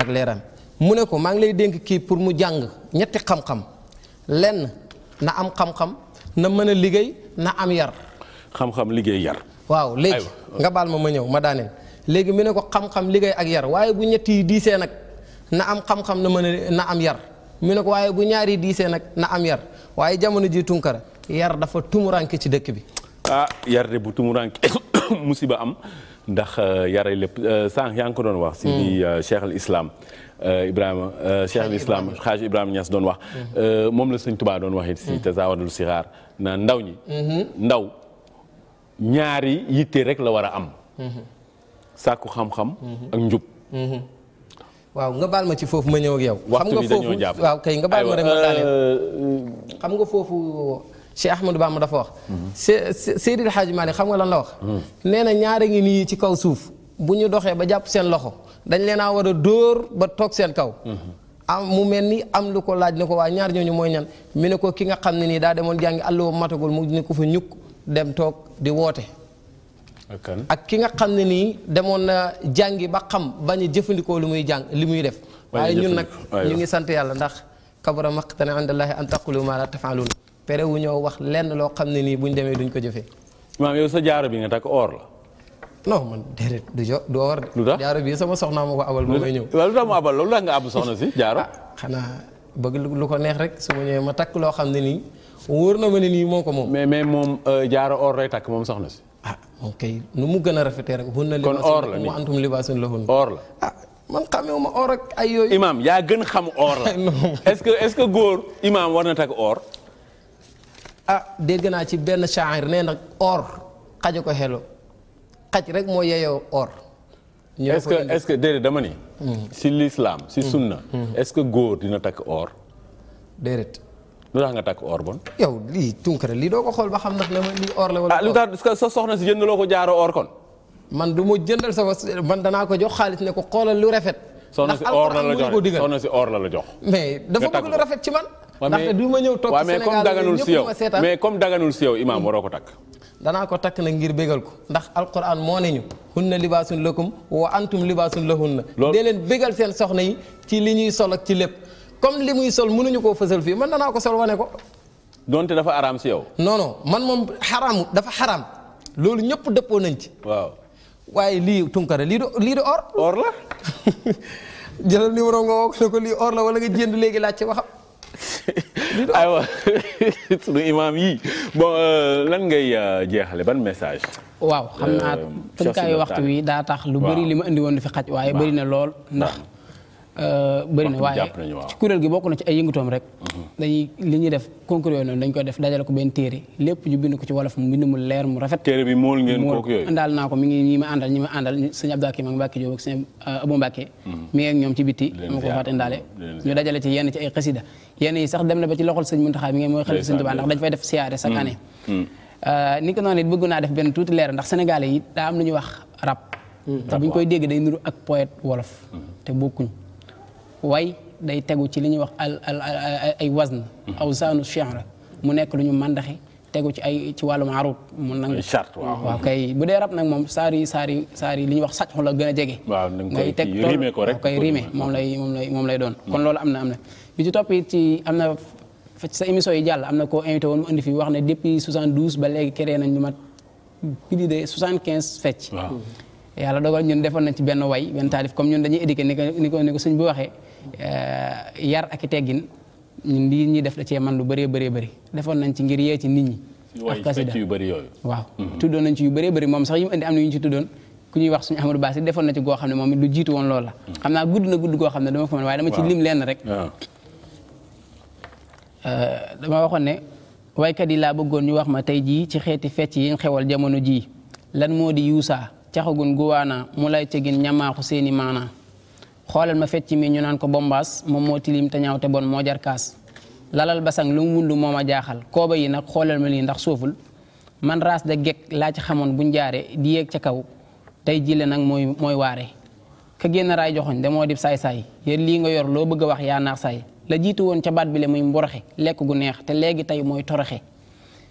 ak leeram mu ne ko maa ngi lay dénk kii pour mu jàng ñetti xam-xam lenn na am xam-xam na mën a liggéey na am yar. xam-xam liggéey yar. waaw nga baal ma ñëw ma daaneel léegi mu ne ko xam-xam ak yar waaye bu ñetti diisee nag na am xam-xam na mën a na am yar mu ne ko waaye bu ñaari diisee nag na am yar waaye jamono ji tunkara yar dafa tumuranke ci dëkk bi. ah yar de bu tumuranke <coughs> musiba am ndax euh, yare lépp euh, sànq yaa ngi ko doon wax. si di hmm. euh, Cheikh al Euh, Ibrahima euh, Cheikh al xaaj Ibrahima Niass doon wax mhm. euh, moom la sëñ Tuubaa doon wax it si mhm. tazaawadul sixaar na ndaw ñi mhm. ndaw ñaari yitte rek la war a am sàkku xam-xam ak njub waaw nga baal ma ci foofu ma ñëw ak yow xam nga foofu waaw kay baal ma rek ma dafa wax Seydil Hadji nga lan la ñaari ngi nii ci kaw suuf bu ñu doxee ba jàpp seen loxo dañ leen a war a dóor ba toog seen kaw. am mu mel ni am lu ko laaj ne ko waa ñaar ñooñu mooy ñan mu ne ko ki nga xam ne nii daa demoon jàngi àll boobu matagul mu ne ko fa ñukk dem toog di woote. ak ki nga xam ne nii demoon na jàngi ba xam bañ jëfandikoo lu muy jàng li muy def. waaye ñun nag ñu ngi sant yàlla ndax. kabura maqtan indallaahi an taqulu maa laa tafaaluun pere wu ñoo wax lenn loo xam ne nii buñ demee duñ ko jëfee. maam yow sa jaaro bi nga takk or la. non man déedéet du jo du or. lu tax jaaro bii sama soxna ma ko abal. ba may ñëw waaw lu tax mu abal loolu la nga ab soxna si jaaro. Ah, xanaa bëgg lu ko neex rek su ma ñëwee ma takk loo xam ne nii wóor na ma ne nii moo ko moom. mais mais moom euh, jaaro or lay takk moom soxna si. ah moom kay nu mu gën a rafetee rek. kon or la nii mu antum libaasun lahun la ah ak ay yaa gën xam or la. <laughs> est-ce que est-ce que góor imaam war na takk or. ah dégg naa ci benn shaa'ir nee nag or xaja ko xelo xaj rek moo yeyoo or. est-ce que est-ce que déedéet dama ni. Hmm. si l'islam si hmm. sunna. Hmm. est-ce que góor dina takk or. déedéet. lu tax nga takk or bon. yow lii tunkara lii doo ko xool ba xam ndax lii or la wala. ah lu tax sa soxna si jëndaloo ko jaaroo or kon. man du ma jëndal sa man danaa ko jox xaalis ne ko xoolal lu rafet. soxna si or la la jox soxna si or la la jox. mais dafa bëgg lu rafet ci man. ndaxte du ma ñëw toog ci Sénégal ñëpp ma seetaan mais comme daganul si yow mm. waroo ko takk danaa ko takk nag ngir bégal ko ndax alquran moo ne ñu hunna libaasun lakum wa antum libaasun lahunna dee leen bégal seen li ñuy sol ak ci lépp comme li muy sol mënuñu koo fësal fii man danaa ko sol wane ko donte dafa araam si yow non non man moom xaraamu dafa xaraam loolu ñëpp dëppoo nañ ci waaw waaye lii tunkara lii de lii de or la <laughs> jëlal numéro nga woo ne ko lii or la wala nga jënd léegi laaj ci waxam <laughs> aywa <laughs> sunu imaam yi bon euh, lan ngay euh, jeexale ban message. waaw xam naa euh, tënkaayu waxtu wi daa tax lu bëri li ma indi woon du fi xaj waaye bëri na lool ndax. Euh, bëri na waaye ci kuréel gi bokk na ci ay yëngutoom rek mhm. dañuy li ñuy def concours yooyu noonu dañ koy def dajale ko benn téere lépp ñu bind ko ci wolof mu bind mu leer mu rafet téere bi mool ngeen kooku yooyu ndaal naa ko mi ngi ñi ma àndal ñi ma àndal sëñ Abdou Hakim ak Mbacke Diop ak euh, mhm. ak ñoom ci bitti dama ko fàtte ndaale ñu dajale ci yenn ci ay xasida yenn yi sax dem na ba ci loxol sëñ Muntaxa mi ngi mooy xalifa sëñ Tuubaa ndax dañ fay def siyaare chaque mm. Mm. Euh, ni ko noonu it bëgg naa def benn tuuti leer ndax sénégalais yi am lu ñuy wax rap mm. te buñ koy dégg day nuru ak poète wolof te bokkuñ way day tegu ci li ñuy wax al al ay wazn mhm. aw zaanu shi'ra mu nekk lu ñu màndaxe tegu ci ay ci wàllum arut mun nag charte waaw kay bu dee rab nag moom saari saari saari li ñu wax sàcc la gën a jege ngay teg tool koy rime moom lay moom lay moom lay doon kon mhm. loolu am na am na bi ci am na sa émission yi jàll am na ko invité woon mu indi fi wax ne depuis 72 ba léegi créé nañ lu mat plus de 75 fecc yàlla dogal ñun defoon nañ ci benn way benn taalif comme ñun dañuy éduqué ni ko ni ko ni ko sëñ bi waxee Eh, yar ak teggin ñun lii ñuy def da cee man lu bëree bëree bëri defoon nañ ci ngir yee ci nit ñi ak kasida waaw mhm. tuddoon nañ ci yu bëree bëri moom sax yi mu indi am na yu ñu ci tuddoon ku ñuy wax suñu Amadou Bass defoon na ci goo xam ne moom it lu jiitu woon loolu la mhm. xam naa gudd na gudd goo xam ne dama ko mën waaye dama ci lim lenn rek eh, dama waxoon ne waykat yi laa bëggoon ñu wax ma tey jii ci xeeti fecc yi xewal jamono jii lan moo di yuusaa caxagun guwaanaa mu lay cegin maanaa xoolal ma fecc mi ñu naan ko bombaas moom moo tilim te ñaaw te bon moo jar kaas lalal basang lu mu wund moo jaaxal kooba yi nag ma lii ndax suuful man raas de gekk laa ci xamoon buñ jaare di yéeg ca kaw tey jile nag mooy mooy waare ka génn raay joxoñ damoo dib saay-saay yéen lii nga yor loo bëgg a wax yaa naax saay la jiitu woon ca baat bi le muy mboroxe lekk gu neex te léegi tey mooy toroxe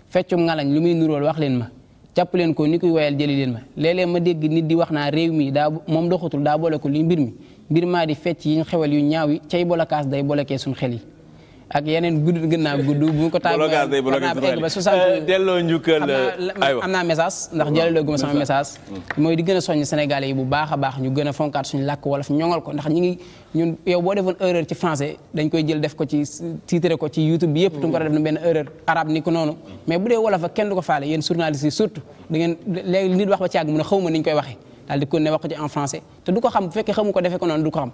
feccum ngalañ lu muy nuróol wax leen ma jàpp leen ko ni kuy woyal jëli leen ma léeg ma dégg nit di wax naa réew mi daa moom doxatul daa boole ko li mbir mi mbir maa di fecc yiñ xewal yu ñaaw yi cay bolokaas day bolokee suñ xel yi ak yeneen gudd gën naa gudd bu ko tàmbalee bolokaas day bolokee suñ xel eh, eh, naa message ndax jëlaleegu ma sama message mm. mooy di gën a soñ sénégalais yi bu baax a baax ñu gën a fonkaat suñu làkk wolof ñoŋal ko ndax ñi ngi ñun yow boo defoon erreur ci français dañ koy jël def ko ci titre ko ci youtube bi yëpp tu nga def na benn erreur arabe ni ko noonu mais bu dee wolof a kenn du ko faale yéen journalistes yi surtout da ngeen léegi nit wax ba càgg mu ne xaw ma niñ koy waxee daal di ko ne wax ko ci en français te du ko xam bu fekkee xamu ko defee ko noonu du ko xam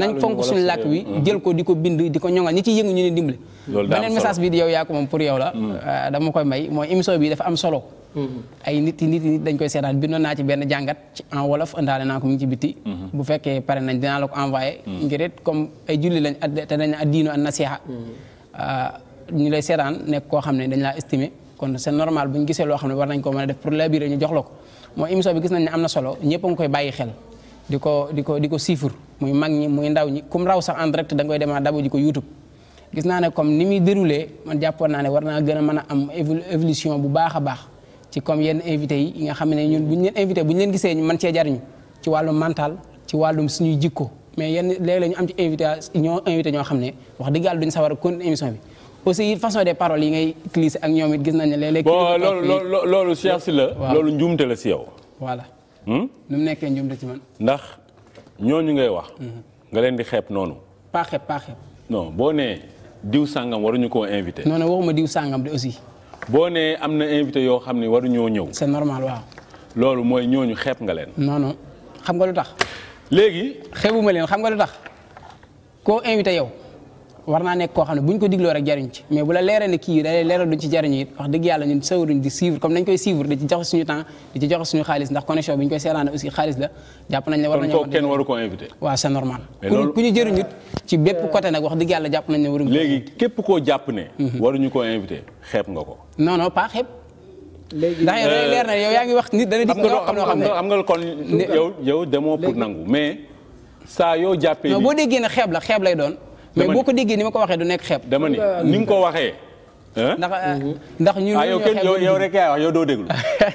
nañ fonk suñu làkk wi jël ko di ko bind di ko ñoŋal ñi ciy yëngu ñu ne dimbali beneen message bi di yow yaa ko moom pour yow la mm. euh, dama koy may mooy émission bi dafa am solo mm-hmm. ay nit yi nit dañ koy seetaan bindoon naa ci benn jàngat ci en wolof indaale naa ko mu ngi ci mm-hmm. nañ dinaa ko envoyé mm-hmm. comme ay julli lañ te dañ addiinu an nasiha euh, ñu lay nekk koo xam ne dañ laa estimé kon c'est normal bu ñu gisee loo xam ne war nañ ko mën a def pour laabiré ñu jox la ko moo émission bi gis nañ ne am na solo ñëpp a koy bàyyi xel di ko di ko di ko siifur muy mag ñi muy ndaw ñi kum raw sax en direct da nga koy demaat dabu ji ko YouTube. gis naa ne comme ni muy déroulé man jàppoon naa ne war naa gën a mën a am évolution bu baax a baax ci comme yenn invité yi nga xam ne ñun buñ leen bu ñu leen gisee ñu mën cee jariñu ci wàllum mantal ci wàllum suñuy jikko mais yenn léeg-léeg ñu am ci invité ñoo invité ñoo xam ne wax dëgg yàlla duñ sawar émission bi aussi it façon des paroles yi ngay utiliser ak ñoom it gis nañ ne léeg-léeg. bon loolu loolu loolu si la. loolu njuumte la si yow. voilà. Hmm? nu mu nekkee njuumte si man. ndax ñooñu ngay wax. Mhm. nga leen di xeeb noonu. pas xeeb pas xeeb. non boo nee diw sàngam waruñu koo invité. non non waxuma diw sàngam de aussi. boo nee am na invité yoo xam ne waruñoo ñëw. c'est normal waaw. loolu mooy ñooñu xeeb nga leen. noonu xam nga lu tax. léegi. xeebuma leen xam nga lu tax koo invité yow. war naa nekk ko xam ne bu ñu ko digloo rek jariñ ci mais bu la leeree ne kii da leeral duñ ci jariñu it wax dëgg yàlla ñun sawruñ di suivre comme nañ koy suivre di ci joxe suñu temps di ci joxe suñu xaalis ndax connexion bi ñu koy seetaan aussi xaalis la ko invité yàlla jàpp nañ ne waruñ léegi koo jàpp ne mhm. waruñu ko invité xeeb nga ko non non pas xeeb léegi ndax yow euh, leer na yow yaa ngi wax nit dana dikk loo xam ne xam nga kon yow yow demoo pour nangu mais saa yoo jàppee non boo déggee ne xeeb la xeeb lay doon mais boo ko déggee ni ma ko waxee du nekk xeeb. dama ni ni nga ko waxee. ndax euh, ndax ñun. Ah, yow kenn yow rek yaay doo déglu.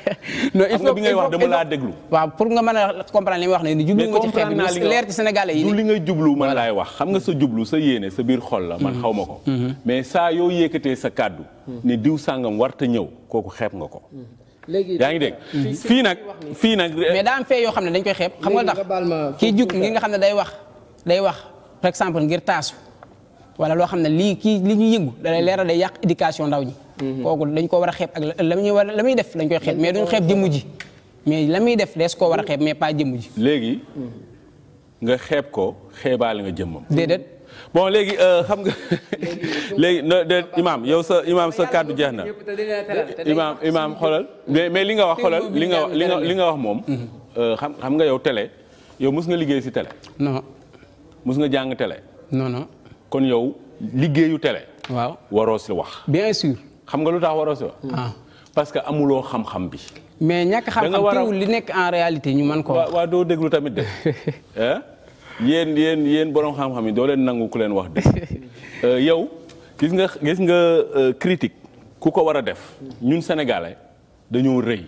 <laughs> non il faut bi ngay wax dama laa déglu. waaw pour nga mën a comprendre wax ne ni jublu nga ci xeeb bi leer ci sénégalais yi. du li man laay wax xam sa jublu sa yéene sa biir xol la man mm-hmm. xaw ma ko. Mm-hmm. mais saa yoo yëkkatee sa kàddu. Mm-hmm. ne diw sàngam warta ñëw kooku xeeb nga ko. léegi yaa ngi dégg fii nag fii nag. Eh, mais daa am fee yoo xam ne dañ koy xeeb. xam nga ndax kii jug ngi nga xam ne day wax day wax par exemple ngir taasu wala loo xam ne lii kii li ñuy yëngu da lay leeral yàq éducation ndaw ñi mhm. kooku dañ ko war a xeeb ak la muy war la muy def dañ koy xeeb mais duñ xeeb ji mais la muy def dees koo war a xeeb mais pas jëmm ji léegi mhm. nga xeeb ko xeebaale nga jëmmam déedéet bon léegi euh, xam nga léegi <laughs> no de imaam yow sa imaam sa kàddu jeex na imaam imaam mais li nga wax xoolal li nga wax li nga wax moom mhm. euh, xam xam nga yow tele yow mus nga liggéey si télé non mus nga jàng télé non non kon yow liggéeyu télé. waaw waroo si wax. bien sûr. xam nga lu tax waroo si wax. Ah. parce que amuloo xam-xam bi. mais ñàkk xam-xam teewul li nekk en réalité ñu mën ko wax. waaw doo déglu tamit de. <laughs> yéen yéen yéen borom xam-xam yi doo leen nangu ku leen wax de. <laughs> Euh, yow gis nga gis nga euh, critique ku ko war a def. ñun sénégalais dañoo rëy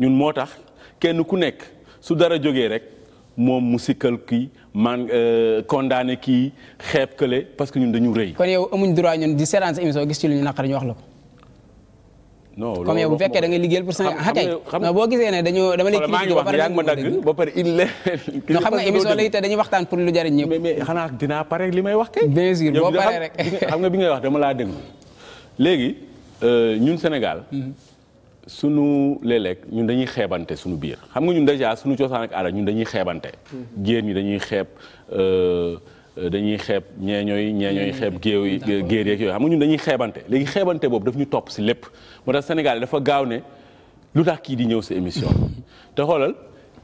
ñun moo tax kenn ku nekk su dara jógee rek. moom mu sikkal kii man euh, condamné kii xeeb kële parce que ñun dañu rëy. kon yow amuñ droit ñun di seetaan sa émission gis ci lu ñu naqari ñu wax la ko. non bu fekkee da ah, nga liggéeyal sa xakay non boo gisee ne dañoo dama lay. critiqué ba pare ba pare il la. non xam nga émission la itam dañuy waxtaan pour lu jariñ ñëpp. mais mais xanaa dinaa pare li may wax kay. bien sûr rek xam nga bi ngay wax dama laa déglu léegi euh, ñun Sénégal. Mhm. sunu léeg ñun dañuy xeebante sunu biir xam nga ñun déjà sunu cosaan ak ñun dañuy xeebante. Mm-hmm. géer ñi dañuy xeeb euh, dañuy xeeb ñeeñooy ñeeñooy mm-hmm. xeeb yi géer yeeg yooyu xam nga ñun dañuy xeebante léegi xeebante boobu daf ñu topp si lépp moo tax Sénégal dafa gaaw ne lu tax kii di ñëw sa émission. <laughs> te xoolal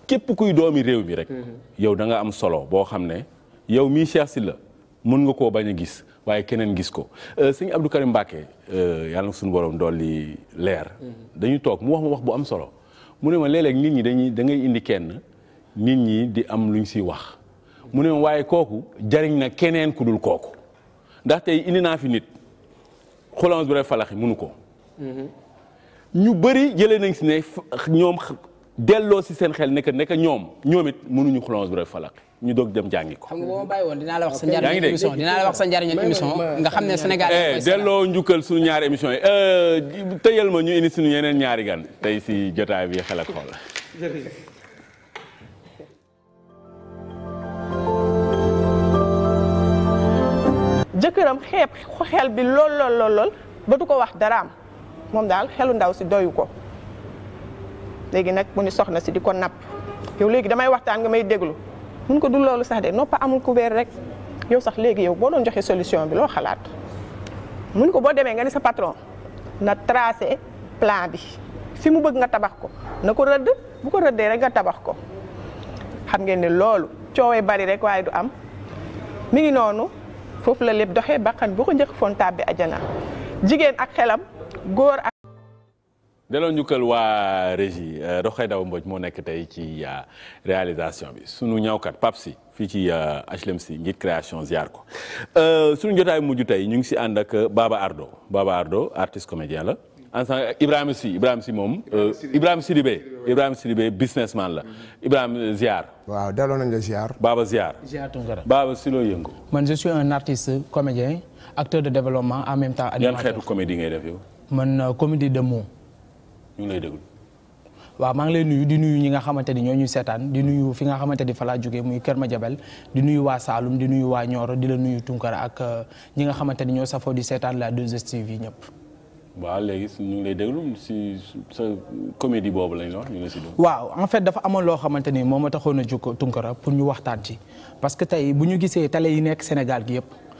képp kuy doomi réew mi rek. Mm-hmm. yow da nga am solo boo xam ne yow mii Cheikh la mën nga koo bañ a gis. waaye keneen gis ko euh, sëñ Abdou Karim Mbacke euh, yàlla na suñu borom dolli leer. Mm-hmm. dañu toog mu wax ma wax bu am solo mu ne ma léeg nit ñi dañuy dangay indi kenn nit ñi di am luñ si wax. mu ne ma waaye kooku jariñ na keneen ku dul kooku ndaxte indi naa fi nit xulans bi rek falaxi munu ko. Mm-hmm. ñu bëri jëlee nañ si ne ñoom delloo si seen xel ne que ñoom ñoom it mënuñu xulans bi falaxi ñu doog dem jàngi ko. xam nga boo bàyyi woon dinaa la wax sa njariñu émission dinaa la wax sa njariñu émission nga xam ne eh, Sénégal. delloo njukkal suñu ñaari émission yi eh, tëyal ñu indi suñu ñaari gan tey si jotaay bi xel ak jëkkëram xeeb xel bi lool lool lool ba du ko wax daraam moom daal xelu ndaw si doyu ko léegi nag mu ni soxna si di ko napp yow léegi damay waxtaan nga may déglu. mun ko du loolu sax de noppa amul couvert rek yow sax léegi yow boo doon joxee solution bi loo xalaat mun ko boo demee nga ni sa patron na tracé plan bi fi mu bëgg nga tabax ko na ko rëdd bu ko rëddee rek nga tabax ko xam ngeen ne loolu coowee bari rek waaye du am mu ngi noonu foofu la lépp doxee bakkan bu ko njëkk foon bi ajana jigéen ak xelam góor delloo njukkal waa régie euh, Roxay Daw Mbodj moo nekk tey ci euh, réalisation bi sunu ñawkat Pape Sy fii ci HLM euh, si ngir création ziar ko sunu jotaay mujj tey ñu ngi si ànd ak Baba Ardo Baba Ardo artiste comédien la ensemble Ibrahima si Ibrahima Sy moom Ibrahima Sidibé Ibrahima Sidibé businessman la mm-hmm. Ibrahima ziar waaw delloo nañ la ziar Baba ziar ziar Tunkara Baba si loo yëngu man je suis un artiste comédien acteur de développement en même temps animateur xeetu comédie ngay def yow man ñu ngi lay déglu. waaw maa ngi lay nuyu di nuyu ñi nga xamante ni ñoo ñuy seetaan di nuyu fi nga xamante ni fa laa jógee muy Kër Madiabel di nuyu waa Saalum di nuyu waa Nioro di la nuyu Tunkara ak euh, ñi nga xamante ni ñoo safoo di seetaan la 2STV yi ñëpp. waaw léegi ñu ngi lay déglu si sa comédie boobu lañ wax ñu ngi si waaw en fait dafa amoon loo xamante ni moo ma taxoon a jóg Tunkara pour ñu waxtaan ci parce que tey bu ñu gisee télé yi nekk Sénégal yëpp.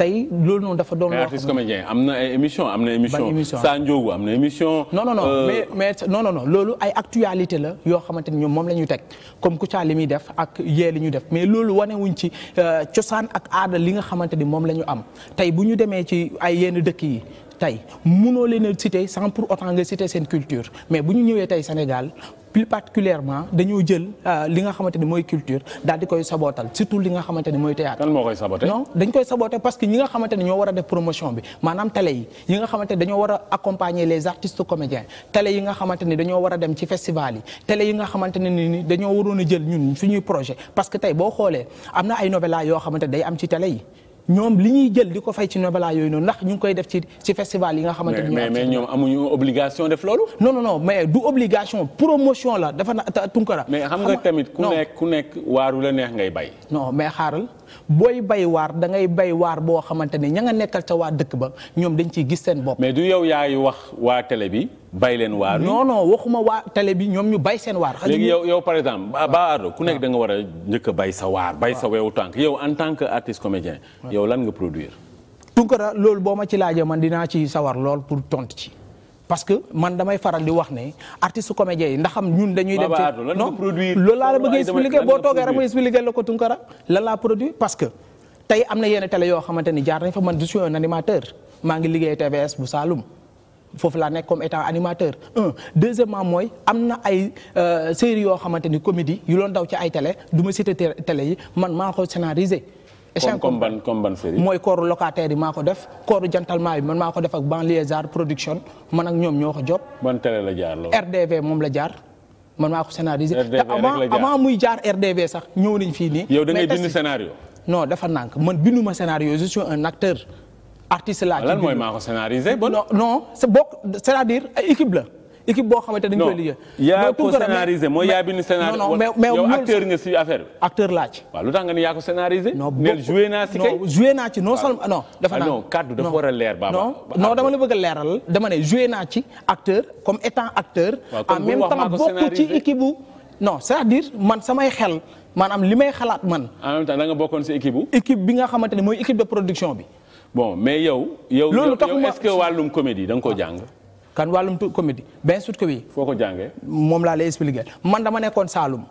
tey loolu noonu dafa doon. loo artiste am na ay émission am na émission. Sa Ndiogou am na émission. non non non euh... loolu ay actualité la yoo xamante ni ñoom moom la ñu teg comme Kouthia li def ak yee li ñu def mais loolu wane wuñ ci euh, cosaan ak aada li nga xamante ni moom la ñu am tey bu ñu demee ci ay yenn dëkk yi. tey munoo leen a citer pour autant nga citer seen culture mais bu ñu ñëwee tey Sénégal plus particulièrement dañoo jël euh, li nga xamante ni mooy culture daal di koy sabootal li nga xamante ni moo koy saboté non nga xamante ni ñoo war a yi nga xamante dañoo war a accompagner les artistes comédiens télé yi nga xamante ni dañoo war a dem ci festival yi télé yi nga xamante dañoo waroon jël ñun suñuy projet parce que tey boo xoolee am na ay novela yoo xamante day am ci télé yi. ñoom li ñuy jël di ko fay ci nobela yooyu noonu ndax ñu ngi koy def ci ci festival yi nga xamante ni mais mais ñoom amuñu obligation def loolu non non non mais du obligation promotion la dafa na tunkara mais xam nga tamit ku nekk ku nekk waaru la neex ngay bay non mais xaaral booy bay waar dangay bay waar boo xamante ne ña nga nekkal ca waa dëkk ba ñoom dañ ciy gis seen bopp. mais du yow yaay wax waa tele bi bay leen waar. non non waxuma waa télé bi ñoom ñu bay seen waar. léegi yow yow par exemple. Ba Ardo ku nekk ah. danga war a njëkk bay sa waar. bay sa weewu tànk yow en tant que artiste comédien. yow lan nga produire. Tunkara loolu boo ma ci laajee man dinaa ci sawar lool pour tontu ci. parce que man damay faral di wax ne artiste comédien yi ndaxam ñun dañuy dem ci non loolu laa la bëgg expliquer boo toogee rek ma expliquer la ko Tunkara lan tey am na yenn télé yoo xamante ni jaar nañ fa man je suis un animateur maa ngi liggéey TVS bu Saloum foofu laa nekk animateur un deuxièmement mooy am na ay euh, série yoo xamante ni comédie yu loon daw ci ay tele du ma cité yi man maa ko scénarisé échange comme ban comme ban mooy kooru locataire yi maa ko def kooru jantalmaa yi man maa ko def ak Banlieusard production man ak ñoom ñoo ko jot ban télé RDV moom la jaar man maa ko scénarisé te avant avant RDV sax ñëw nañ fii nii yow da ngay bind scénario non dafa nànk man binduma scénario je suis un acteur artiste laa ah, lan mooy maa ko scénarisé bon no non c'est bokk ay équipe la équipe boo xamante dañ koy liggéey. yaa ko scénarisé mooy yaa bind scénario. non non mais yow acteur laa ci. waaw lu tax nga ni yaa ko scénarisé. non boo joué naa si kay. Ah, a leer. baba non ah, non dama bëgg leeral. dama ne joué naa comme étant acteur. en même temps bokk ci équipe bu. non c'est-à-dire man samay xel maanaam li may xalaat man. en même temps da bokkoon si équipe bu. équipe bi nga xamante ne mooy équipe de production bi. bon mais yow. yow yow est-ce que wàllum comédie da nga koo jàng kan wàllum tu comédie bien sûr que foo ko jàngee. moom laa lay expliqué man dama nekkoon Saalum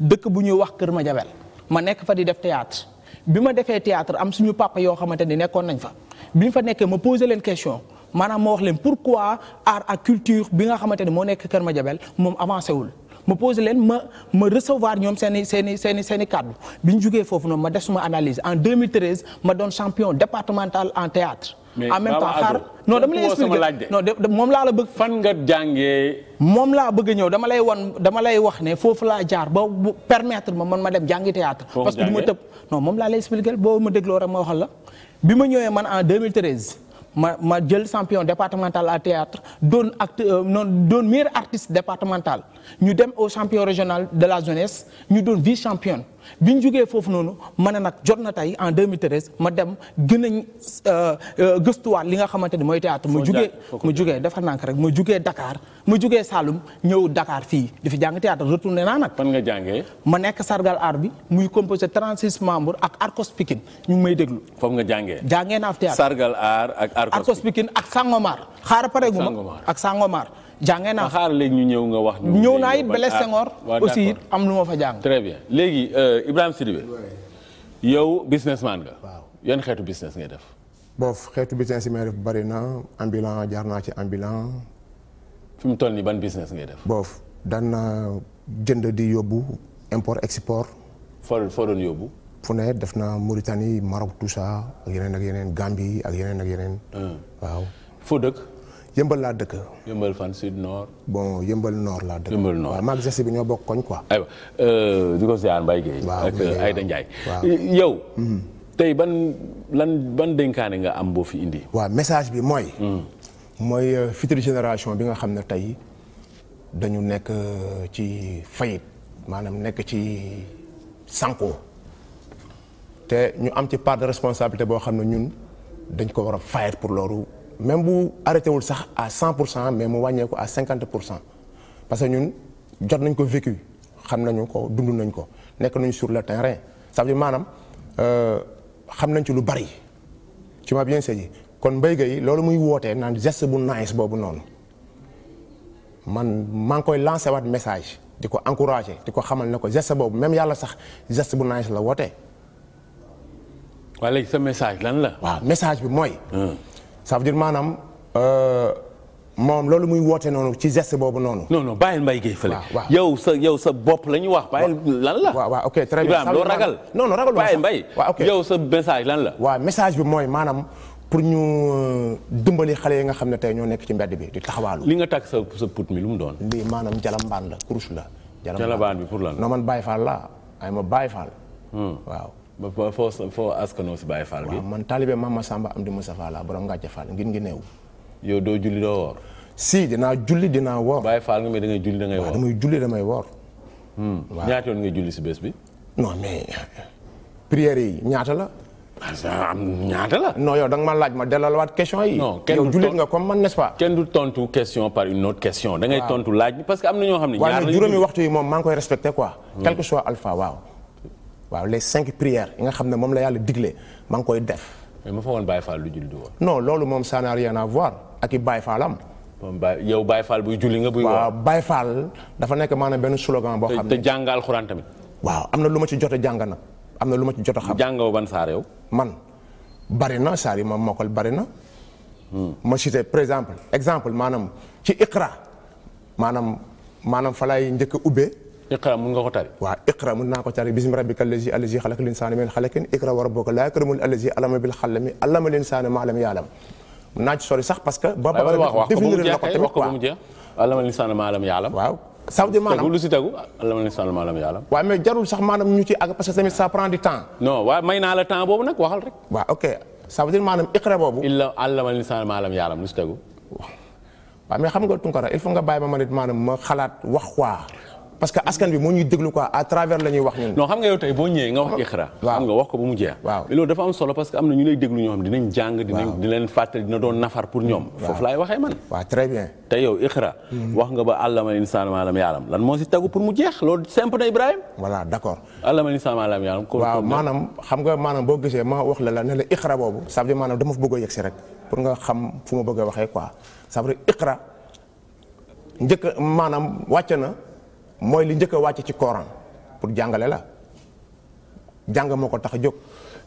dëkk bu ñuy wax Kër Madiabel ma nekk fa di def théâtre bi ma defee théâtre am suñu papa yoo xamante ni nekkoon nañ fa bi fa nekkee ma posé leen question maanaam ma wax leen pourquoi art ak culture bi nga xamante ni moo nekk Kër Madiabel moom avancé wul. ma posé leen ma ma recevoir ñoom seen i seen i seen seen i kàddu bi ñu jugee foofu noonu ma def suma analyse en 2013 ma doon champion départemental en théâtre en même temps xaar non dama lay expliquer non de moom laa la bëgg. fan nga jàngee. moom laa bëgg ñëw dama lay wan dama lay wax ne foofu laa jaar ba permettre ma man ma dem jàngi théâtre parce que du ma tëb non moom laa lay expliquer boo ma dégloo rek ma waxal la. bi ma ñëwee man en 2013 ma ma jël champion départemental à théâtre doon acte euh, noonu doon meilleur artiste départemental ñu dem au champion régional de la jeunesse ñu doon vice championne. bi ñu jógee foofu noonu ma ne nag jot na tey en 2013 ma dem gën a euh, euh, gëstuwaat li nga xamante ni mooy théâtre ma jugee ma jugee dafa nànk rek ma jugee dakaar ma jugee Saloum ñëw Dakar fii di fi jàng théâtre retourné naa nag fan nga jàngee ma nekk sargal art bi muy composé 36 membres ak Arcos Pikine ñu ngi may déglu foofu nga jàngee jàngee naa fi théâtre sargal art ak Arcos Pikine ak Sangomar xaara pareegu ma ak Sangomar jàngee naa xaar léegi ñu ñëw nga wax. ñëw naa it Blaise aussi it am lu ma fa jàng. très bien léegi euh, Ibrahima Sidibé yow businessman nga. waaw yan xeetu business ngay def. bon xeetu business yi may def bari na ambulant jaar naa ci ambulant. fu mu toll nii ban business ngay def. boof daan naa jënd di yóbbu import export. foo foo doon yóbbu. fu ne def naa Mauritanie Maroc tout ça ak yeneen ak yeneen Gambie ak yeneen ak yeneen. foo dëkk. yëmbal laa dëkk. yëmbal fan sud bon yëmbal nord laa dëkk. yëmbal nord waaw bi ñoo bokk koñ quoi. aywa euh, di ko ziar Mbaye Gueye. waaw ak euh, yow. Mhm. tey ban lan ban dénkaane nga am boo fi indi. waa message bi mooy. Mhm. mooy euh, future génération bi nga xam ne tey dañu nekk ci fayit maanaam nekk ci sanko te ñu am ci part de responsabilité boo xam ne ñun dañ ko war a fayat pour loolu. même bu arrêté wul sax à cent pour cent mais mu wàññeeku à 50 pour cent parce que ñun jot nañ ko vécu xam nañu ko dund nañ ko nekk nañu sur le terrain ça veut dire maanaam euh, xam nañ ci lu bari ci m'as bien saisi kon Mbaye Gueye loolu muy wootee naan geste bu nice boobu noonu man maa ngi koy lancé waat message di ko encouragé di ko xamal ne ko geste boobu même yàlla sax geste bu nice la wootee. waaw léegi sa message lan la. waaw message bi mooy. ça veut dire maanaam euh, moom loolu muy woote noonu ci geste boobu noonu. non non bàyyil Mbaye Guèye fële. yow sa yow sa bopp la ñu wax. bàyyil lan la. waaw ragal. non non ragaluma bàyyil Mbaye. waaw yow sa message lan la. waaw message bi mooy maanaam. pour ñu euh, dimbali xale yi nga xam ne tey ñoo nekk ci mbedd bi di taxawaalu. li nga takk sa sa put mi lu mu doon. lii maanaam jalambaan la kurus la. jalambaan bi pour lan non man Baye Fall laa ay ma bàyyi faal hmm. waaw. ba foo foo askanoo si Baye Fall bi. waaw man taalibe Mama Samba Amdi Moustapha laa borom Ngàcce Fall ngir ngi néew. yow doo julli doo woor. si dinaa julli dinaa woor. Baye nga mais da ngay julli da ngay woor waaw damay julli damay woor. Hmm. yoon ngay julli si bés bi. non mais prières yi ñaata la. am ñaata la. non yow da nga laaj ma delluwaat question yi. yow jullit nga comme man n'est-ce kenn du tontu question par une autre question. da tontu laaj parce que am na ñoo xam ne. ñaar la juróomi waxtu yi moom maa ngi koy respecté quoi. Hmm. que waaw les cinq prière yi nga xam ne moom la yàlla digle maa ngi koy def. mais ma fa woon Baye Fall lu julli du woon. loolu moom ça n'a rien à voir ak i Baye Fall am. yow Baye Fall buy julli nga buy. waaw Baye Fall dafa nekk maanaam benn slogan boo. xam ne te jàng alxuraan tamit. waaw am na lu ma ci jot a jàng nag am na lu ma ci jot a xam. jàngoo ban saar yow. man bari na saar yi ma mokkal bari na. Hmm. ma cité par exemple exemple maanaam ci Iqra maanaam maanaam fa laay njëkk a iqra mun nga ko tari waaw iqra mun naa ko tari bismi rabbika allazi allazi xalaq linsaana min xalaqin iqra wa rabbuka laa yakramul allazi alama bil xalami alama linsaana maalam yaalam mun naa ci sori sax parce que ba ba définir na ko tamit waaw alama linsaana maalam yaalam waaw ça veut dire maanaam lu si tegu alama linsaana maalam yaalam waaw mais jarul sax maanaam ñu ci ak parce que tamit ça prend du temps non waaw may naa la temps boobu nag waxal rek waaw ok ça veut dire maanaam iqra boobu illa alama linsaana maalam yaalam lu si tegu waaw mais xam nga Tunkara il faut nga bàyyi ma man it maanaam ma xalaat wax waa parce que askan bi moo ñuy déglu quoi à travers la ñuy wax ñun. wax Iqra. waaw xam nga wax ko ba mu jeex. waaw loolu dafa am solo parce que am na ñu lay déglu ñoo xam dinañ jàng. dinañ di leen fàttali dina doon nafar pour ñoom. foofu laay waxee man. très bien. te yow Iqra. Hmm. wax nga ba allama insaan maalam yaalam lan moo si tagu pour mu jeex loolu simple na Ibrahima. voilà d' accord. allama insaan maalam yaalam. waaw maanaam xam nga maanaam boo gisee ma wax la la ne la boobu. ça veut dire maanaam dama fa bëgg a yegsi rek pour nga xam fu ma bëgg a waxee quoi ça njëkk maanaam wàcc na mooy li njëkk a wàcc ci Coran pour jàngale la jàng moo ko tax a jóg.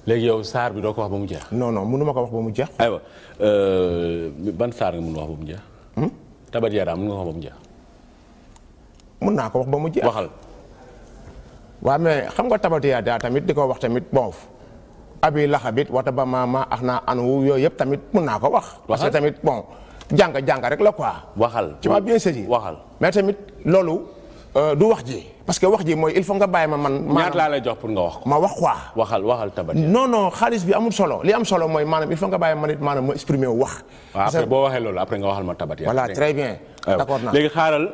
léegi yow saar bi doo ko wax ba mu jeex. non non mënu ma ko wax ba mu jeex. aywa euh, wax ba mu jeex. Hmm? tabat yaram mu jeex. naa ko wax ba mu jeex waxal. waa mais xam nga tabat yaram tamit di ko wax tamit bon. abi laxabit wata ba maama ax naa anu yooyu yëpp tamit mën naa ko wax. parce tamit bon jàng jàng rek la quoi. waxal ci tamit loolu. Euh, du wax ji parce que wax ji mooy il faut nga bàyyi ma man. ñaata laa lay jox pour nga wax ko. ma wax quoi. waxal waxal tabat. non non xaalis bi amul solo li am solo mooy maanaam il faut nga bàyyi ma nit maanaam ma exprimer wu wax. waaw après boo waxee loolu après nga waxal ma tabat. voilà très bien d'accord naa léegi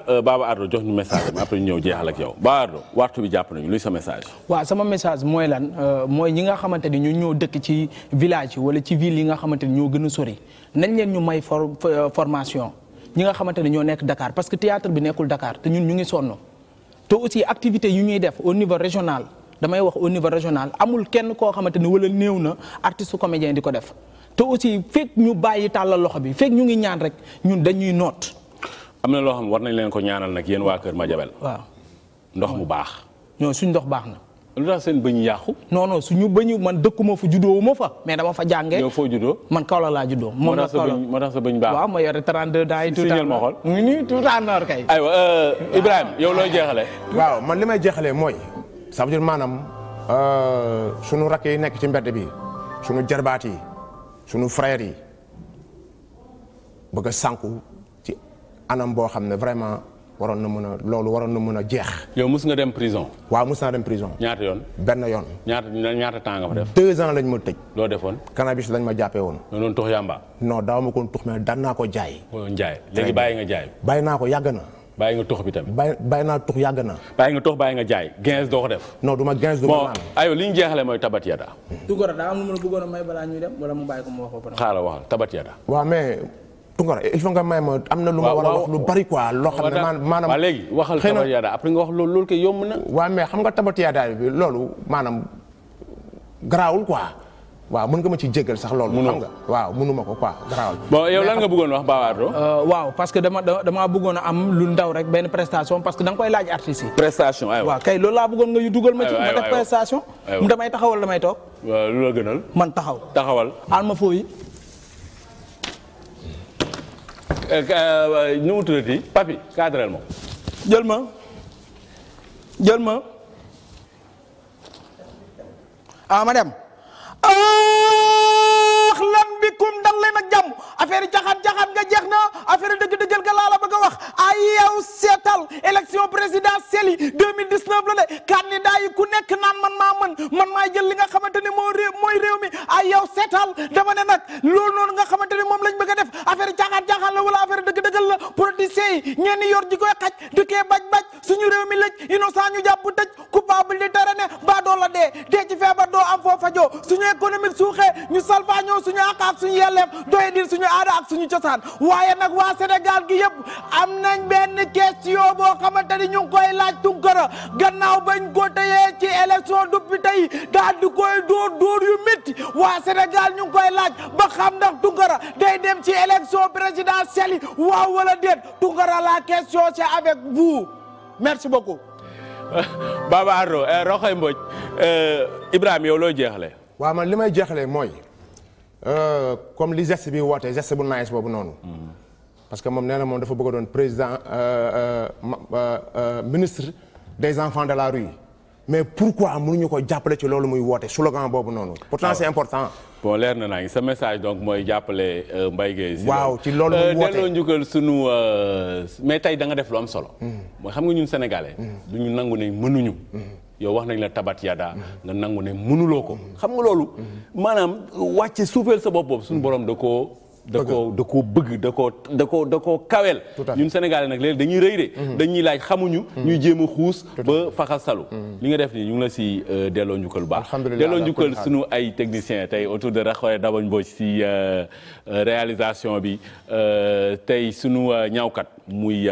euh, jox ñu message bi après ñëw jeexal ak yow Baba Ardo waxtu bi jàpp nañu luy message. waaw sama message mooy lan euh, mooy ñi nga xamante ni ñu ñoo dëkk ci village yi wala ci ville yi nga xamante ni ñoo gën a sori nañ leen ñu may formation ñi nga xamante ni ñoo nekk Dakar parce que théâtre bi nekkul dakaar te ñun ñu ngi sonn te aussi activité yu ñuy def au niveau régional damay wax au niveau régional amul kenn koo xamante ni wala néew na artiste comédien di ko def te aussi fekk ñu bàyyi tàllal loxo bi fekk ñu ngi ñaan rek ñun dañuy noot. am na loo xam war nañ leen ko ñaanal nag yéen waa Kër Madiabel. waaw ndox mu baax. ñoo suñ ndox baax na. lu tax seen bëñ yàqu. non non suñu bëñ man dëkkuma fu juddoo ma fa mais dama fa jàngee. yow foo juddoo man Kaolack laa juddoo. moo tax sa bëñ baax waaw ma yore 32 ans yi. tout à mu ngi tout à nord kay. aywa euh, yow looy jeexalee. waaw man li may jeexalee mooy. ça veut dire maanaam euh, sunu rakk yi nekk ci mbedd bi sunu jarbaat yi sunu frères yi bëgg a sànku ci anam boo xam ne vraiment. waroon na mën a loolu waroon na mën a jeex. yow mus nga dem prison. waaw mus naa dem prison. ñaata yoon benn yoon. ñaata temps nga fa def. deux ans loo defoon. cannabis lañ ma jàppee woon. nga doon tux yàmba. non daaw ma ko ko jaay. jaay léegi na. bàyyi nga tux bi tamit. bàyyi bàyyi naa tux yàgg na. bàyyi nga tux bàyyi nga jaay gains doo ko def. non du ko daa am lu a may balaa ñuy dem wala mu bàyyi ko mu wax ko xaaral waxal tabat yada. waaw mais Tounkara il faut nga may ma am na lu ma war a wax lu bari quoi loo xam ne maanaam waaw léegi waxal tabatiyaadaa après nga bi loolu maanaam garaawul quoi waaw mën nga ma ci jégal sax loolu xam nga waaw mënuma ko quoi garaawul bon yow lan nga bëggoon wax Babaardo euh, waaw parce que dama damaa bëggoon a am lu ndaw rek benn prestation parce que da koy laaj artiste yi prestation waaw kay loolu laa bëggoon nga yu dugal ma ci ma def prestation mu damay taxawal damay toog lu la gënal man taxaw taxawal alma Euh, euh, nu mu tuddati papi cadrel ma jël ma jël ah ma ahlan bikum dal leen ak jàmm affaire yi jaxat jaxat nga jeex na affaire yi dëgg-dëggal nga laa la bëgg a wax ay yow seetal élection présidentielle yi 2019 la de candidat yi ku nekk naan man maa mën maa jël li nga xamante moo réew mooy réew mi ay yow seetal dama ne nag loolu noonu nga xamante ni moom lañ bëgg a def affaire yi jaxat la wala affaire dëgg-dëggal la politiciens yi ñenn yor ji koy xaj di baj baj suñu réew mi lëj innocent ñu économique suuxee ñu salfaañoo suñu àq ak suñu yelleef doye cosaan waaye nag waa Sénégal gi yëpp am nañ benn question boo xamante ñu koy laaj Tunkara gannaaw bañ ko tëyee ci élection député yi daal di koy dóor dóor yu métti waa Sénégal ñu koy laaj ba xam ndax Tunkara day dem ci élection présidentielle yi waaw wala déet Tunkara la question c'est avec vous merci beaucoup <laughs> Baba Ardo eh, Roxoy Mbodj eh, Ibrahima yow loo jeexale waaw man li may jeexalee mooy euh, comme li geste bi wootee geste bu nice boobu noonu. parce que moom nee na moom dafa bëgg doon président euh, euh, ministre des enfants de la rue mais pourquoi mënuñu ko jàppale ci loolu muy woote slogan boobu noonu. pourtant c'est ah important. bon leer na naa sa message donc mooy jàppale mbay Gueye si waaw ci loolu muy woote delloo njukkal sunu mais tey da nga def lu am solo. Mm. mooy xam nga ñun sénégalais. Mm. du ñu nangu ne mënuñu. Mm. yow wax nañ la tabat yada nga nangu ne munuloo ko xam nga loolu maanaam wàcce suufeel sa bopp boobu suñu borom da koo da koo da koo bëgg da ko da koo da koo kaweel ñun sénégalais nag léegi dañuy rëy de mhm. dañuy laaj xamuñu mhm. ñuy jéem a xuus ba faxasalu mhm. li nga def nii ñu ngi la si euh, delloo njukkal bu baax delloo njukkal suñu ay technicien tey autour de Rakhoure Daba Mbodj si euh, euh, réalisation bi tey suñu ñaawkat muy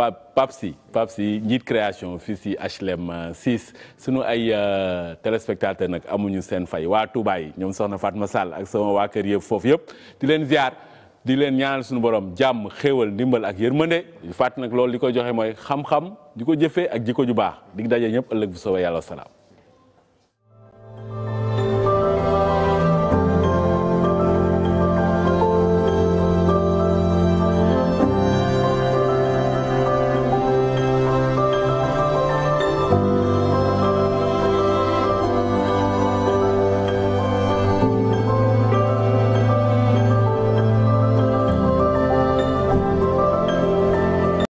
Pape Pape Sy Pape Sy njiit création fii si HLM 6 sunu ay euh, téléspectateur nag amuñu seen fay waa Touba yi ñoom soxna ma Sall ak sama waa kër yëpp foofu yëpp di leen ziar. di leen ñaanal suñu borom jàmm xéewal ndimbal ak yërmande fàtt nag loolu di koy joxe mooy xam-xam di ko jëfee ak jikko ju baax di daje ñëpp ëllëg bu soobee yàlla salaam.